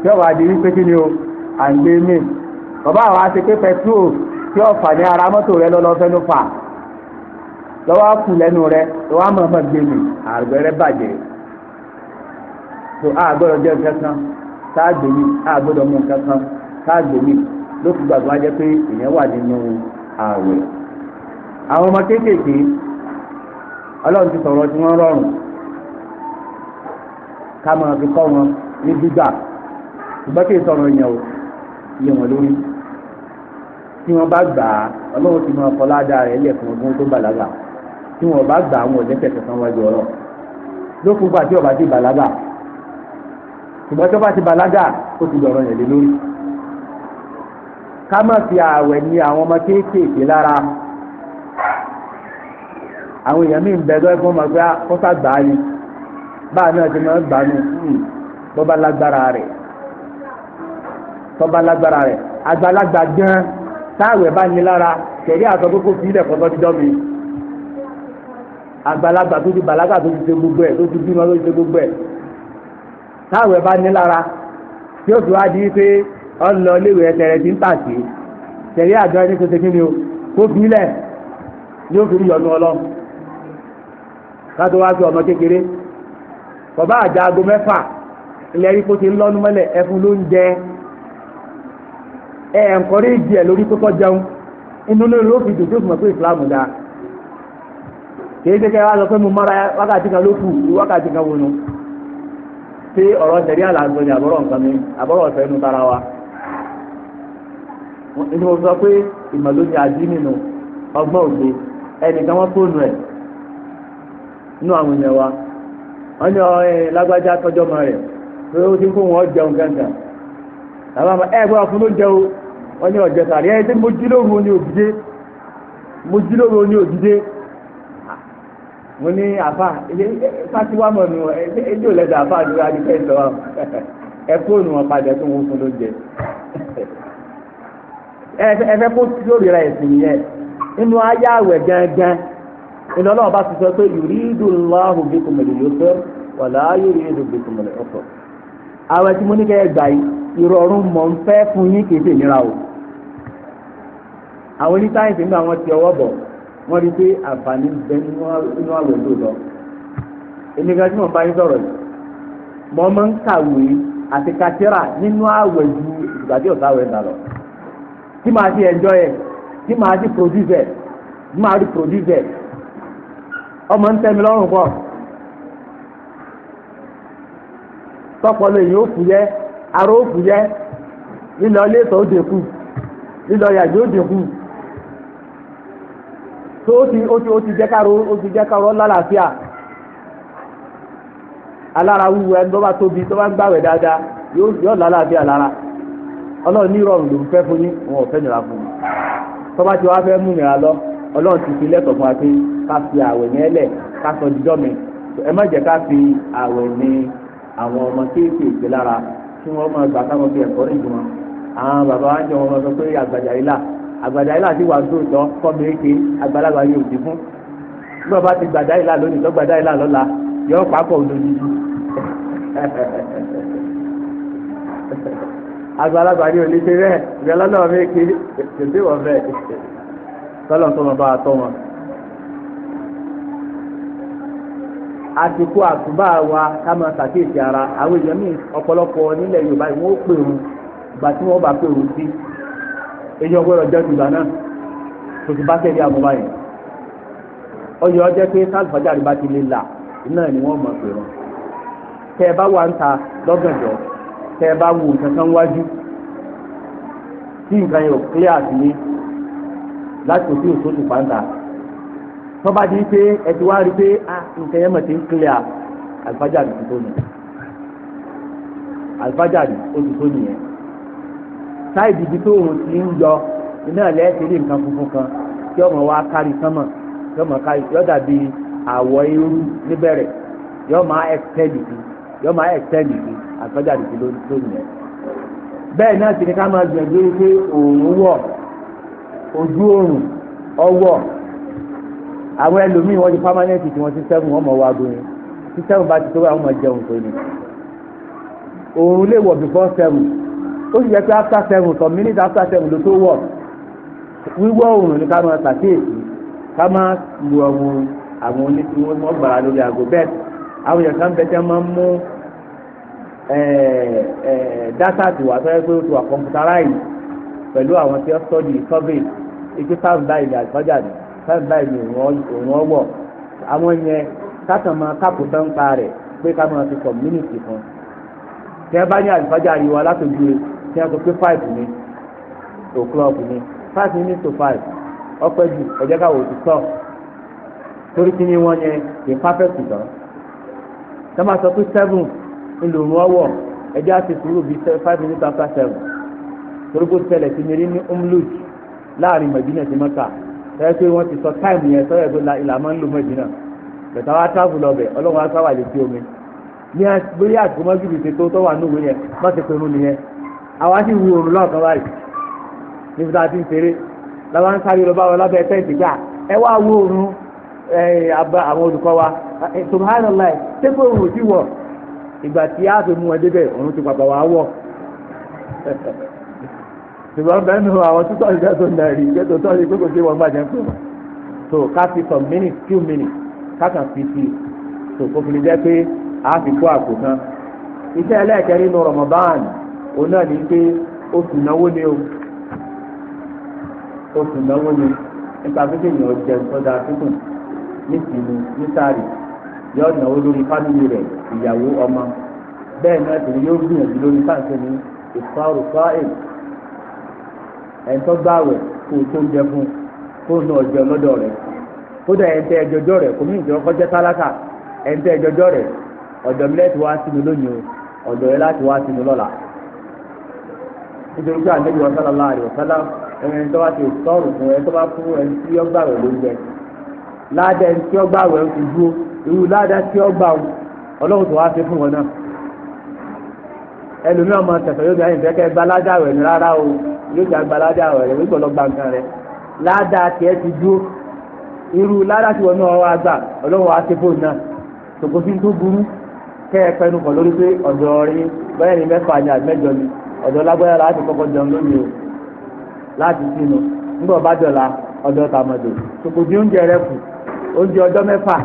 Speaker 1: tí ọwọ́ adi wípé kí ni o àgbè mi bàbá àwa ti pé pẹtrol tí ọ̀fà ní ara rẹ lọ́lọ́ fẹ́ ló fà lọ́wọ́ kù tó a gbọ́dọ̀ jẹ́ nǹkan kan tá a gbèmí a gbọ́dọ̀ mú nǹkan kan tá a gbèmí ló fi gbàgbọ́ ajẹ́ pé èèyàn wà nínú ààwẹ̀. àwọn ọmọ kéékèèké ọlọ́run ti sọ̀rọ̀ tí wọ́n rọrùn ká máa fi kọ́ wọn ní gbígbà ṣùgbọ́n kí n sọ̀rọ̀ yẹn o yẹ wọn lórí tí wọ́n bá gbà á ọlọ́run ti máa kọ́lá dáa rẹ̀ lẹ́ẹ̀kan ọdún tó bàlágà tí wọ́n bá gbà á wọn ò lẹ́sẹ̀ kankan wájú ọlọ́ lókùn gbà tí ọba ti bàlágà ṣùgbọ́n tó bá ti bàlágà ó ti dọ̀rọ̀ yẹn lé lórí. ká má fi ààwẹ̀ ní àwọn ọmọ kéékèèké lára àwọn èèyàn míì ń bẹ lọ́wọ́ fún ọmọ pé ah, ó sàgbà ni báà náà ti máa ń gbà nu hmm, bó bá lágbára rẹ̀ tó bá lágbára rẹ̀ àgbàlagbà gan táàwẹ̀ bá ní lára tẹ̀lé àtọ́ pé kò fi ilẹ̀ kọ́tọ́ ti dọ́ mi àgbàlagbà tó ti bàlágà tó ti ṣe gbogbo ẹ̀ tó ti bímọ tó ti ṣe gbogbo ẹ̀ táwọn ẹ̀ bá ní lára tí ó fi wá di pé ọlọ iléèwé ẹsẹ̀ ti ń tàṣe tẹ̀lé àjọ ẹni tó ṣe kí ni o kó fi lẹ̀ yóò fi yọnu ọlọ́run kátó wá sí ọmọ kékeré bàbá àjà aago mẹ́fà ilẹ̀ rí ti ń mọ́lẹ̀ ẹfun ló ń jẹ ẹ̀ lórí kókó jẹun inú tí ọ̀rọ̀ ṣẹ̀rí àlàǹgbọ̀n ní àbọ̀rọ̀ nǹkan mi àbọ̀rọ̀ ọ̀fẹ́ tara wa. ní sọ pé ìmọ̀ló ni àjí nínú ọgbọ́n òde ẹnìkan wọ́n fóònù ẹ̀ àwọn èèyàn wa ní ọ̀rẹ́ lágbájá tọ́jọ́ mọ́ rẹ̀ pé ó ti ń fóun jẹun gángan bàbá mi gbọ́dọ̀ fún ló o ní ọ̀jẹ̀ sàrí tí mo lóru òdìdé lóru òdìdé mo ní àfà fatiwa mọ̀ nù ẹjọ́ lẹ́dọ̀ àfà àdúrà ní fẹ́ lọ ẹ fóònù wọn padà tó wọn fún lóúnjẹ ẹ fẹ́ kó lórí ra ẹ̀sìn yẹn nínú ayé àwẹ̀ gangan inú ọlọ́run bá ti sọ pé yuridu Allahu bikumul yusra wala yuridu bikumul usra àwẹ̀ tí mo ní kẹ́ ẹ gbà yìí ìrọ̀rùn mọ̀ ń fẹ́ fún yín kì í ṣèlera o àwọn oníṣáyẹ̀nsì nígbà wọn ti ọwọ́ bọ̀ wọ́n rí pé àǹfààní bẹ nínú àwẹ̀ tó lọ èmi gan tí mo bá yín sọ̀rọ̀ yìí mo máa ń kàwé àti kàtírà nínú àwẹ̀ ju ìgbà tí ọ̀sán àwẹ̀ ń dà lọ tí màá ti ẹ̀jọ́ yẹ tí màá ti produce ẹ̀ tí màá ti produce ẹ̀ ọmọ ń tẹ́ mi lọ́rùn pọ̀ tọpọlọ èyí ó fù yẹ aró ó fù yẹ lílọ ilé ìtọ́ ó dínkù lílọ yàgbé ó dínkù. so otu ti ó ti ó ti jẹ́ káró ó ti jẹ́ káró lálàáfíà alára wúwo ẹni tó bá tóbi tó bá ń gbàwẹ̀ dáadáa yóò yóò lálàáfíà lára ní nira fún tó ti wá mú lọ ti fi lẹ́tọ̀ọ́ fún wa pé ká fi àwẹ̀ yẹn lẹ̀ ká sọ dídọ́ mi ẹ má ká fi àwẹ̀ ní àwọn ọmọ kéékèèké lára kí àgbàdá ilà ti wà sóòtọ́ kọ́mi eke àgbàlagbà yóò di fún bí wọ́n bá ti gbàdá ilà lónìí tó gbàdá ilà lọ́la yọ pápọ̀ lónìí àgbàlagbà ni òní ṣe bẹ́ẹ̀ ìgbà lọ́nà mi ké tètè wọ̀ bẹ́ẹ̀ tọ́lọ̀ tó lọ bá a tọ́ wọn. àsìkò àtúbà wa ká máa ṣàkíyèsí ara àwọn èèyàn míì ọ̀pọ̀lọpọ̀ nílẹ̀ Yorùbá yìí wọ́n ó pèrò ìgbà tí wọ́n bá pèrò sí èyí ọgbọ́dọ̀ jẹ́ jùlọ náà tó ti bá tẹ̀lé àmúbá yìí ọyọ jẹ́ pé sálùfájàrí bá ti lè là náà ni wọ́n mọ̀ pé wọn tẹ ẹ bá wà ń ta lọ́gànjọ́ tẹ ẹ bá wù kankan wájú tí nǹkan yóò clear sí ní láti òsì òsòsù pàǹtà tó bá di pé ẹ e ti wá rí pé nǹkan yẹn mọ̀ ti ń clear àlùfájàrí ti tó nù àlùfájàrí ó ti tó nìyẹn sáìdì ibi tó òun ti ń yọ iná lẹ́ẹ̀tì rí nǹkan funfun kan tí ọmọ wa kárí sánmọ̀ tí ọmọ kárí yọ dàbí àwọ̀ eérú níbẹ̀rẹ̀ yọ máa ẹ̀kẹ́lì sí yọ máa ẹ̀kẹ́lì sí àtọ́jà nìkí lónìí ẹ̀. bẹ́ẹ̀ náà sì ni ká máa gbìyànjú pé òòrùn wọ̀ ojú òòrùn ọwọ́ àwọn ẹlòmíì wọ́n di pámánẹ́ǹtì tí wọ́n ti sẹ́gun ọmọ wa gbóyin tí sẹ́gun bá ti tó wà wọ́n máa jẹun tó ni òòrùn lè wọ̀ before seven ó yẹ pé after seven some minutes after seven ló tó wọ̀ wíwọ̀ oòrùn ni ká máa ṣàkíyèsí ká máa lu ọ̀hún àwọn oníṣòwò wọn gbàrà lórí aago bẹ́ẹ̀ àwọn èèyàn kan bẹ́tẹ́ máa ń mú dátà tí wà fẹ́ pé ó ti wà kọ̀m̀pútáráì pẹ̀lú àwọn tí wọ́n sọ́ọ̀dì survey ike five by ní àgbájá ni five by ní òun ọwọ́ àwọn yẹn kákan máa kápò tán pa rẹ̀ pé ká máa fi community kan tí bá ní àlùfájà yìí wá látòjú rẹ̀ tí a sọ pé five ni to club ni five minutes to five ọpẹ jù ẹjẹ ká wò ó ti sọ torí kí ni wọn yẹn kì í perfect tán tá a máa sọ pé seven ńlọrọ ọwọ ẹjẹ àti sùúrù bíi five minutes after seven torí kó ṣẹlẹ̀ sí mi rí ní umluj láàrin Mẹdínà sí Mẹ́kà sọ́yẹ́ pé wọ́n ti sọ táìmù yẹn sọ́yẹ́ pé ìlà máa ń lo Mẹdínà bẹ̀tà wa travel ọbẹ̀ ọlọ́run á sáwà lè fi omi ní bóyá àtúmọ̀ jù bìí ṣe tó tọ́wà ní òwe yẹn má ti pinnu nìyẹn àwa sì wu òrùn lọ́ọ̀kan báyìí níbi tá a ti ń ṣeré làwọn ń sáré lọ bá wọn lábẹ́ tẹ́ǹtì gbà ẹ wá wo òrùn àwọn olùkọ́ wa subhanallah tẹ́kọ̀ òrùn ò ti wọ̀ ìgbà tí a fi mú ẹ débẹ̀ òrùn ti pàpà wá wọ̀ ṣùgbọ́n bẹ́ẹ̀ nù àwọn títọ́ ìjẹ́ tó nà rí ìjẹ́ tó tọ́ ní kókò sí wọn gbàjẹ́ pé wọn. so ká fi some minutes few minutes ká kàn fi sí so kò fi lè jẹ́ pé a fi kó àpò kan. iṣẹ́ ẹlẹ́ẹ̀kẹ́rin nù Ramadan òun náà ní pé oṣù náwó o oṣù náwó ni nípa pé kéèyàn yóò náwó lórí fámìlì ìyàwó ọmọ bẹ́ẹ̀ náà yóò gbìyànjú lórí fáǹsẹ̀ ní fáìl ẹ̀ńtọ́ gbààwẹ̀ kó o tó ń jẹ fún o náà jẹ lọ́dọ̀ rẹ̀ kódà ẹ̀ńtẹ́ ẹjọ́jọ́ rẹ̀ kò ní ìjọ kọjá tálákà ẹ̀ńtẹ́ ọ̀dọ̀ mi láti wá nítorí pé àlejò ọ̀sán láàrin ọ̀sán ẹni tó bá ti sọ̀rọ̀ fún ẹni tó bá fún ẹni tí ó gbàwẹ̀ lóúnjẹ ládàá ẹni tí ó gbàwẹ̀ ó ti dúró irú tí ó gbà ó ọlọ́run tó wá fi fún wọn náà ọmọ tẹ̀sán yóò gba rẹ̀ ní rárá o yóò gba ọ̀dọ̀ lágbára láti kọ́kọ́ jẹun lónìí o láti sínú nígbà bá dọ̀la ọ̀dọ̀ tàmọ̀dò tòkò bí oúnjẹ rẹ kù oúnjẹ ọjọ́ mẹ́fà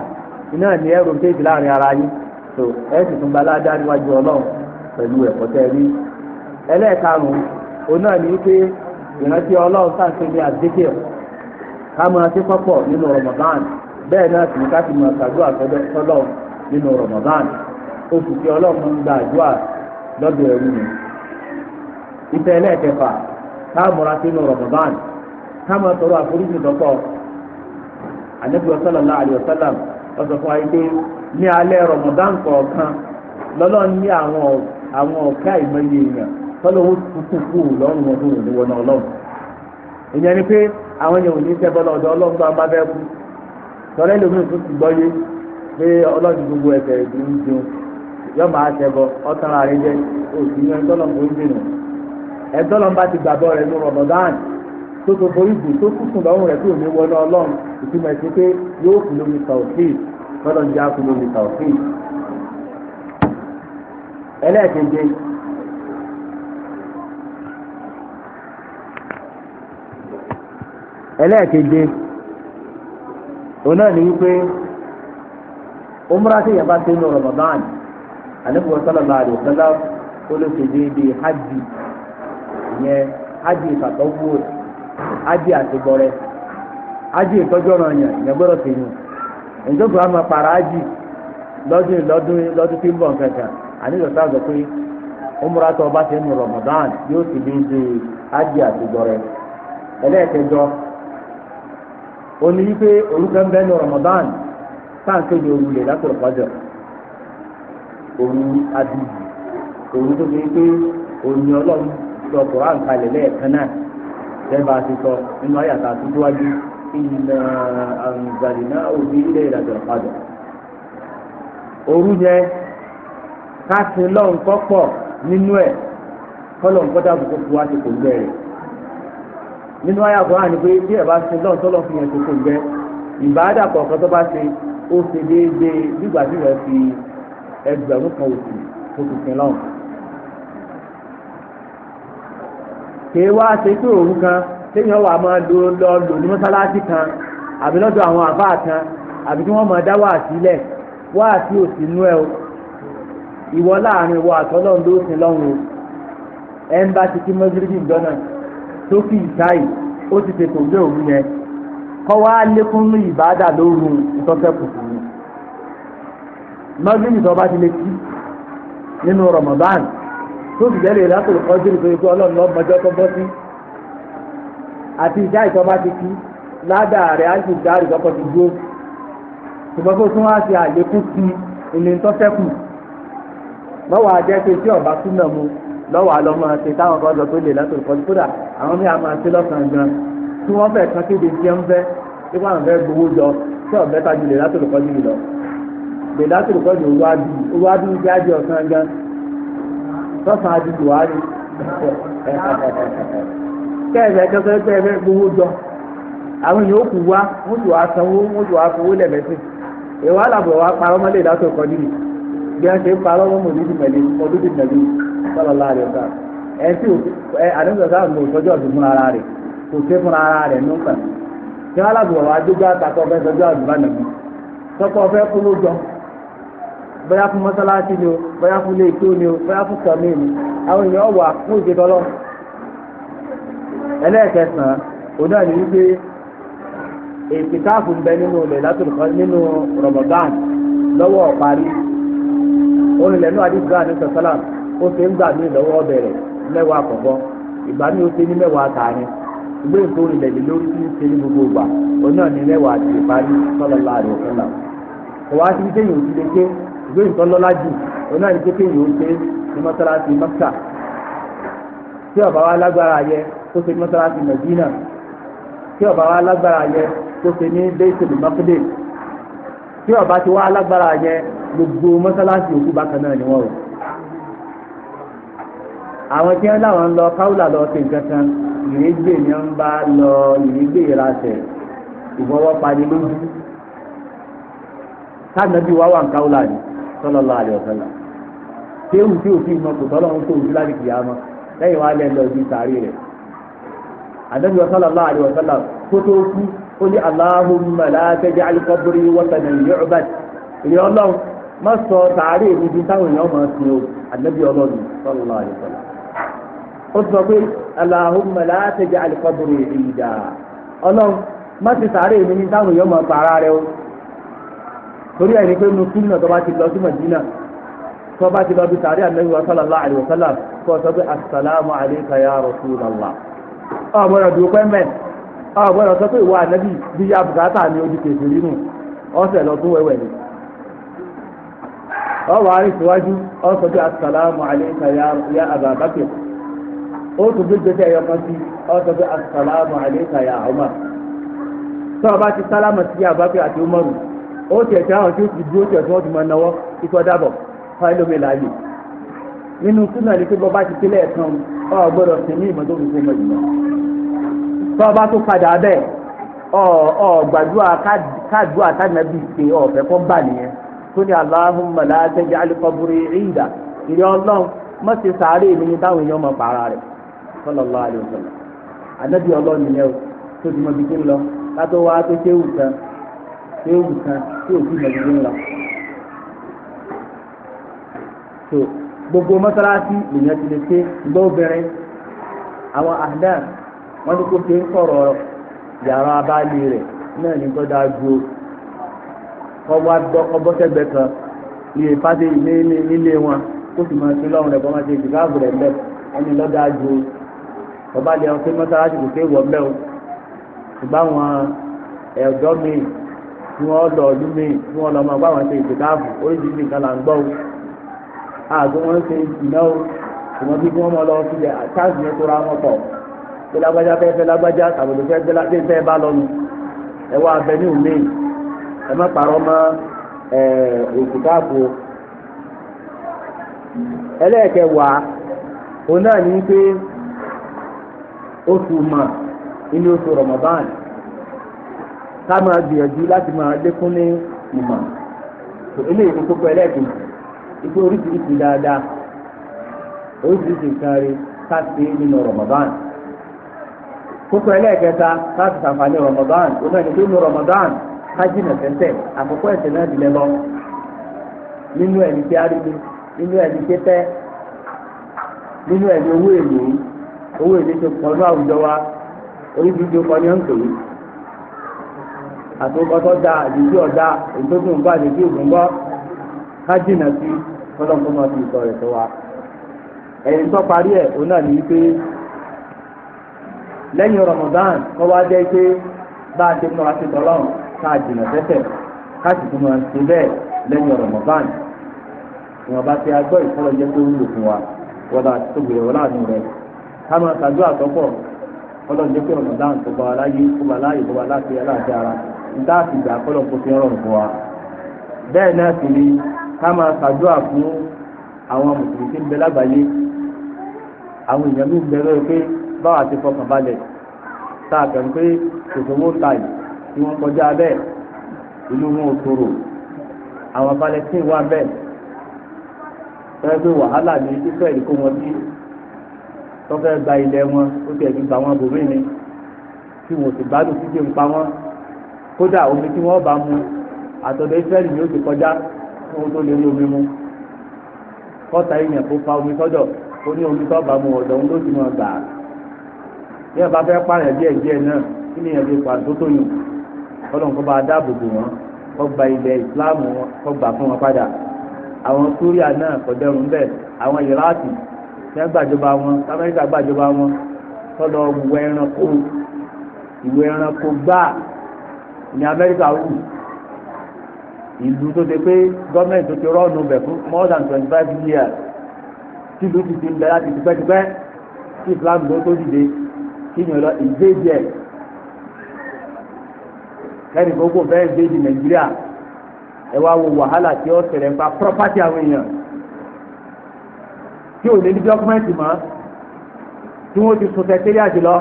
Speaker 1: iná ní ẹrù kéèjì láàrin ara yín tó ẹ sì tún gbalá níwájú ọlọ́run pẹ̀lú ẹ̀kọ́ tẹ́ rí ẹlẹ́ẹ̀karùn-ún òun náà ní pé ìrántí ọlọ́run ní àdékè ká máa pọ́pọ̀ nínú Ramadan bẹ́ẹ̀ náà sì ní ká ti máa ṣàdúrà sọ́lọ́run ìfẹ́ ẹlẹ́ẹ̀kẹfà káàmùra sínú a káàmù sọ̀rọ̀ àforíjì lọ́pọ̀ Ànábì sallallahu alaihi wasallam ọ̀sọ̀ fún ayé ní alẹ́ Ramadan kọ̀ọ̀kan lọ́lọ́ ní àwọn èèyàn tọ́lọ́ kú lọ́rùn ọdún òní wọn ọlọ́run ìyẹn ni pé àwọn èèyàn ò ní tẹ́ bọ́lá ọ̀dọ̀ ọlọ́run ẹ̀dọ́ lọ́nba ti gbàgbọ́ rẹ̀ ní Ramadan tó tó borí bù tó kùsùn lọ́rùn rẹ̀ tó ní wọlé ọlọ́run ìtumọ̀ ẹ̀sìn pé yóò kú lómi tàwọ́fì lọ́dọ̀ ń já kú lómi tàwọ́fì. ẹlẹ́ẹ̀keje ẹlẹ́ẹ̀keje òun náà ní wípé umrah tí yẹn bá ti ń lọ Ramadan àníkùn sallallahu alaihi wasallam ó lè ṣe déédéé hajj ìyẹn ájì ìfàtọ́wò ájì àtìgbọ́rẹ́ ájì ìtọ́jú ọ̀ràn yàn ìyẹn gbọ́dọ̀ tèmi ìjọba àmọ́ para ájì lọ́dún lọ́dún lọ́dún tí ń bọ̀ kankan àníjọ sáà sọ pé umra tó bá Ramadan yóò ṣe ẹlẹ́ẹ̀kẹjọ ń Ramadan ni sọ Quran kalẹ̀ lẹ́ẹ̀kan náà lẹ́ẹ̀bà ti sọ nínú àyàtà tó tọ́wájú ìnà àǹzàlìná òbí ilé ìlàjọ ìpadà. òru yẹn káàsì lọ́nkọ́ pọ̀ nínú ẹ̀ kọ́lọ̀ ń kọ́dà kókó fún wa ti kò bẹ̀rẹ̀ nínú àyà Quran ni pé bí ẹ̀ bá ṣe lọ́n tọ́lọ́ fi yẹn kókó bẹ́ ìbáàdà kọ̀ọ̀kan tó bá ṣe ó ṣe déédéé nígbà tí wọ́n fi ẹgbẹ̀rún kan òsì tó fi sin kèé wá ṣe pé òru kan téèyàn wà máa lo lọ lò ní mọ́sálásí kan àbí lọ́dọ̀ àwọn àbá kan àbí kí wọ́n máa dá wáàsí ẹ o ìwọ láàrin ìwọ àtọ́lọ́run ló sin lọ́run o ẹ ń bá ti kí mọ́síríbì gbọ́nà tó fi ìsáyì ó ti tètè gbé òru yẹn kọ́ wá lékún ní ìbádà lóru ìtọ́fẹ́ kùkùrù bá ti lè kí nínú tó sì jẹ́lẹ̀ látòlù kọ́jú nítorí pé ọlọ́run lọ́ọ́ mọjọ́ tó bọ́ sí àti ìjà ìjọba ti kí ládàá rẹ̀ á sì dárì lọ́kọ̀ ti dúró ṣùgbọ́n kó tún wá ṣe àlékún sí ilé ń tọ́sẹ́kù lọ́wọ́ ajẹ́ pé tí ọ̀bá tún nà mu lọ́wọ́ àlọ́ máa ṣe táwọn kan lọ tó lè látòlù kọ́jú kódà àwọn mí a máa ṣe lọ́sàn-án gan tí wọ́n fẹ̀ kan kéde jẹ́ ń fẹ́ tí wọ́n fẹ́ gbowó jọ tí ọ̀bẹ tajú lè látòlù kọ́jú lọ lè látòlù kọ́jú owó adùn jẹ́ ajé ọ̀sán gan sọ́sàn àti buhari gbowó jọ àwọn èèyàn ó wá wọ́n wá sanwó wọ́n wá fowó lẹ́mẹ́sìn àlàbọ̀ wa parọ́ mọ́lẹ̀ ìdásọ̀ kan níbi bí wọ́n ṣe ń parọ́ mọ́ ẹ̀ tí fúnra ara rẹ̀ kò fúnra ara rẹ̀ àlàbọ̀ wa fẹ́ nàbí sọ́kọ́ fẹ́ kúló jọ bóyá fún mọ́sálásí ni o bóyá fún ilé ìtó ni o bóyá fún kàmí ni àwọn èèyàn wà fún ìgbé tọ́lọ́ ẹlẹ́ẹ̀kẹsàn-án òun náà ní wípé èsì káàfù ń bẹ nínú ilẹ̀ látòlùkọ́ nínú Ramadan lọ́wọ́ parí olùlẹ̀ náà àdìsí gbà ní sọ̀sálà ó ṣe ń gbà mẹ́wàá àkọ́kọ́ ìgbà mi ṣe ní mẹ́wàá ìgbé lórí tí ń ṣe ní gbogbo ìgbà lóyún tó lọ́lá jù òun náà ní pé kéèyàn ó ṣe ní mọ́sálásí mọ́sà tí ọba wa lágbára yẹ kó ṣe ní mọ́sálásí mẹ̀dínà tí ọba wa lágbára yẹ kó ṣe ní bẹ́ẹ̀sì mọ́kúndé tí ọba ti wá lágbára yẹ gbogbo mọ́sálásí òkú bákan náà ni wọ́n rò àwọn tí wọn láwọn lọ káwùlà lọ sí nǹkan kan ìrégbè ni wọn bá lọ ìrégbè ìrasẹ ìfọwọ́pani lójú káàdínàbí wà wà ń káwùlà ni sallallahu alaihi wasallam téwù tí òfin mọ kò tọ́lọ́run tó òfin láti kìí àmọ́ lẹ́yìn wá lẹ́nu ọdún sàárì rẹ̀ àdébí sallallahu alaihi wasallam kó tó kú ó ní Allahumma la taj'al qabri watanan yu'bad ìrìn ọlọ́run má sọ sàárì mi di táwọn èèyàn máa sin o àdébí ọlọ́run sallallahu alaihi wasallam ó sọ pé Allahumma la taj'al qabri ìdá ọlọ́run má ti sàárì mi ní táwọn èèyàn máa pa ara rẹ o torí ẹni pé nu súnà tó bá ti lọ sí Madina tó bá ti lọ bí sàárẹ̀ ànábì wa sallallahu alayhi wa sallam kó o sọ pé asalaamu alayka ya rasulallah ọ̀gbọ́dọ̀ dùn pẹ́ mẹ́ ọ̀gbọ́dọ̀ sọ pé ìwà ànábì bí yá bùkátà ni ó di kèsì nínú ọ̀sẹ̀ lọ tún wẹ̀wẹ̀ ni ọwọ́ àríṣíwájú ó sọ pé asalaamu alayka ya ababakir ó tún bí gbèsè ẹ̀yọ kan sí ó sọ pé asalaamu alayka ya Umar ó tẹ̀sẹ̀ àwọn tí ó ti dúró tẹ̀sẹ̀ wọ́n ti máa náwó ikọ̀ dábọ̀ fún láàyè nínú súnà ní pé ti tẹ́lẹ̀ ọ gbọ́dọ̀ sí ní ìmọ̀tò tọ́ ọba tó padà ọ ọ gbàdúrà ọ̀fẹ́ kọ́ bà nìyẹn tó ní ọlọ́run sàárè mi ní táwọn èèyàn mọ̀ pààrà rẹ̀ léwu kan tí ò sí ìmọ̀lẹ́wé ńlọ. so gbogbo mọ́sálásí lèyàn ti lè ṣe ìgbọ́ obìnrin àwọn àdán wọ́n ní kó ṣe ń kọ̀rọ̀ yàrá abáàlì rẹ̀ náà ní gbọ́dọ̀ àjò ọbọ̀sẹ̀gbẹ̀ kan ní ìfásẹ̀ nílé wọn kó sì máa ṣe lọ́rùn rẹ̀ kó máa ṣe ìdìgáàbò rẹ̀ bẹ́ẹ̀ ẹni lọ́dọ̀ àjò ọba lè ọtí mọ́sálásí kò ṣe é wọ̀ bẹ́ẹ̀ o ṣùgbọ́n àwọn ẹ̀dọ́ tí wọ́n lọ ọdún míì tí wọ́n lọ máa bá wọn ṣe ìtìkáàfù oríṣiríṣi nǹkan là ń gbọ́ o àti wọ́n ṣe ìná o ṣùgbọ́n bí wọ́n mọ lọ fi lẹ̀ táàsì yẹn tóra wọn pọ̀ pé lágbájá fẹ́ fẹ́ lágbájá tàbùdù fẹ́ gbé fẹ́ bá lọ́nu ẹ wá abẹ ní ẹ má parọ́ mọ́ o ẹlẹ́ẹ̀kẹwàá òun náà ní pé oṣù mà inú oṣù ká máa gbìyànjú láti máa lékún ní ìmọ̀ tó eléyìí ní kókó ẹlẹ́ẹ̀kejì ikú oríṣiríṣi dáadáa oríṣiríṣi nǹkan rí ká nínú Ramadan kókó ẹlẹ́ẹ̀kẹta sàǹfààní Ramadan ó náà ní pé nínú Ramadan ẹ̀sẹ̀ náà dì nínú ẹ̀mí tí a rí mi nínú ẹ̀mí nínú ẹ̀mí owó èlé owó èlé tó pọ̀ ní àwùjọ wa oríṣiríṣi àtòkọ́tọ́ da àdìsí ọ̀dá ìtòkùn nǹkan àdìsí ògùn ha kájìnà sí ọlọ́kùnrin ìtọ̀ rẹ̀ tó wa. ẹ̀yìn tó parí ẹ̀ òun náà lẹ́yìn Ramadan kọ́ wá jẹ́ pé bá a ti múra sí tọ́lọ́run ká tẹ́tẹ̀ ká sì tún máa ṣe bẹ́ẹ̀ lẹ́yìn Ramadan ìwọ̀n bá ti agbọ́ ìfọlọ́jẹ́ tó wúlò fún wa wọ́n tó láàánú rẹ̀ ká máa ṣàdúrà níta sì gbà kọ́lọ̀ kó fi rọrùn fún wa bẹ́ẹ̀ náà sì ni ká máa ṣàdúrà fún àwọn mùsùlùmí tí ń bẹ lágbàáyé àwọn èèyàn mi ń bẹ pé báwa ti fọkàn balẹ̀ tá a kàn pé kòsòwò ta yìí tí wọ́n kọjá bẹ́ẹ̀ ìlú wọn ò tòrò àwọn palestine wà bẹ́ẹ̀ fẹ́ẹ́ gbé wàhálà ní israel kó wọn sí tọ́fẹ́ gba ilẹ̀ wọn ó ti ẹ̀sìn gba wọn bòmí ni tí wọn ò sì gbádùn títí ń pa wọn kódà omi tí wọ́n bá mu àtọ̀dọ̀ Ísírẹ́lì ni ó ti kọjá fún ohun tó lè rí omi mu kọ́ta ìyẹn fa omi sọ́dọ̀ ó ní omi tó bá mu ọ̀dọ̀ ló ti mọ̀ gbà á bí ẹ bá fẹ́ pààyàn díẹ̀ díẹ̀ náà kí ni fi pa tó tó yùn kó bá dáàbò bò wọ́n gba ilẹ̀ ìsìláàmù wọn gbà fún wọn wọn Amẹ́ríkà gbàjọba wọn ìwé ní Amẹ́ríkà wù ìlú tó ṣe pé gọ́ọ̀mẹ̀ntì tó ti rọ́ọ̀nù bẹ̀ fún more than twenty five years tí ìlú ti ti ń bẹ láti tipẹ́tipẹ́ tí Islam ló tó dìde kí ni ọlọ ìgbéjì ẹ̀ kẹ́ni gbogbo fẹ́ẹ́ gbéjì Nàìjíríà ẹ wá wo wàhálà tí ó ṣẹlẹ̀ nípa property àwọn èèyàn tí ò lè ní dọ́kúmẹ́ǹtì mọ́ tí wọ́n ti sọ sẹ́kẹ́rì àjùlọ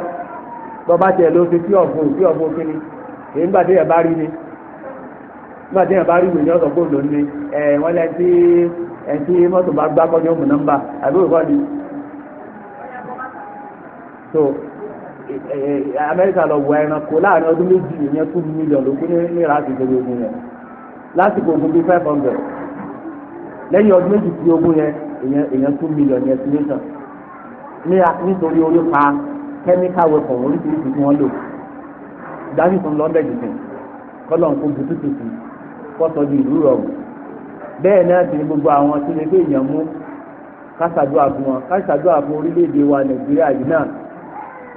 Speaker 1: bọ́ tiẹ̀ ló ṣe sí ọ̀gbọ́n sí ọ̀gbọ́n kínní èyí nígbà téèyàn bá rí ni nígbà téèyàn bá rí ìwé yẹn ọ̀sán gbòòdò ni ẹ̀ wọ́n lẹ́ tí ẹ̀ tí mọ́tò bá gbá kọ́ ní ọmọ nọ́mbà àbí so amẹ́ríkà lọ wọ ẹranko láàrin ọdún méjì ìyẹn two million ló kú ní láti gbogbo ogun yẹn lásìkò ogun bíi five hundred lẹ́yìn ọdún méjì tí ogun yẹn èèyàn two million ní estimation nítorí orí pa chemical weapon oríṣiríṣi tí wọ́n lò dáhùn fún lọ́ndẹ̀ jìnnà kọ́lọ̀ ń kó butu tuntun kọ́sọ̀ di ìlú rọrùn bẹ́ẹ̀ náà sì ni gbogbo àwọn tí lè gbé èèyàn mú kásàdúrà fún wọn kásàdúrà fún orílẹ̀-èdè wa nàìjíríà yìí náà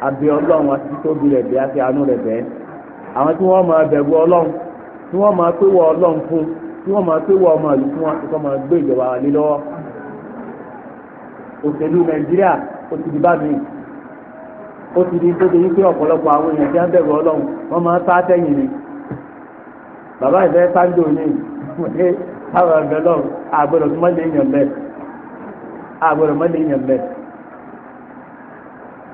Speaker 1: àbẹ̀ ọlọ́run àti títóbi rẹ̀ bẹ́ẹ̀ àti àánú rẹ̀ bẹ́ẹ̀ àwọn tí wọ́n máa bẹ̀rù ọlọ́run tí wọ́n máa pé wọ ọlọ́run fún tí wọ́n máa pé wọ ọmọ ìlú fún wọn tí wọ́n máa gbé ìjọba wa lé lọ́wọ́ òṣèlú nàìjíríà ó ti di bá mi ó ti di tó ti yí pé ọ̀pọ̀lọpọ̀ àwọn èèyàn tí wọ́n bẹ̀rù ọlọ́run wọ́n máa ń sá sẹ́yìn ni bàbá ìfẹ́ sáńdò ní ìwé àwọn ẹ̀fẹ́ lọ́run àgbọ̀dọ̀ tó mọ́lẹ̀ èèyàn bẹ́ẹ̀ àgbọ̀dọ̀ mọ́lẹ̀ èèyàn bẹ́ẹ̀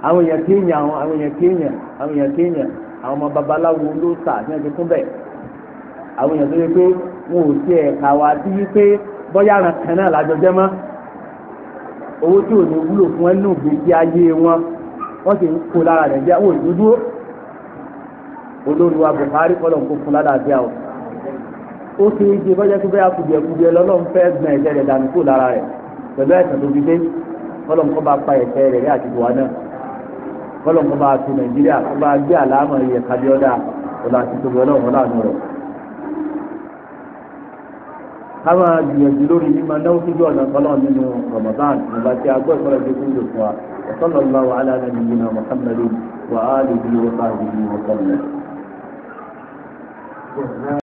Speaker 1: àwọn èèyàn kéèyàn àwọn èèyàn kéèyàn àwọn èèyàn kéèyàn àwọn ọmọ babaláwo ló sà ní ẹgbẹ́ fún àwọn èèyàn tó yẹ pé wọn ò sí wípé bọ́yá kan náà mọ́ owó tí ò ní wúlò fún ẹnu ayé wọ́n sì ń kó lára rẹ̀ jẹ́ òòlù dúró olórí wa Buhari kọ́ lọ́n kó fún lálàáfíà o ó ti ń ṣe bọ́jà tó bẹ́yà kùdìẹ̀kùdìẹ̀ lọ́lọ́run fẹ́ gbọ́n ẹ̀jẹ̀ rẹ̀ dànù kó lára rẹ̀ pẹ̀lú ẹ̀sán tó fi dé kọ́lọ́n kọ́ bá pa ẹ̀fẹ́ rẹ̀ rí àti ìwà náà kọ́lọ́n kọ́ bá tu Nàìjíríà kọ́ bá gbé àlámọ̀ ẹ̀yẹ kábíọ́dà ọ̀là àti tòbí ọlọ́run ọ̀làánú rẹ̀. ká máa gbìyànjú lórí mímọ náà ó fi gbọ́ ọ̀nà وصلى الله على نبينا محمد وآله وصحبه وسلم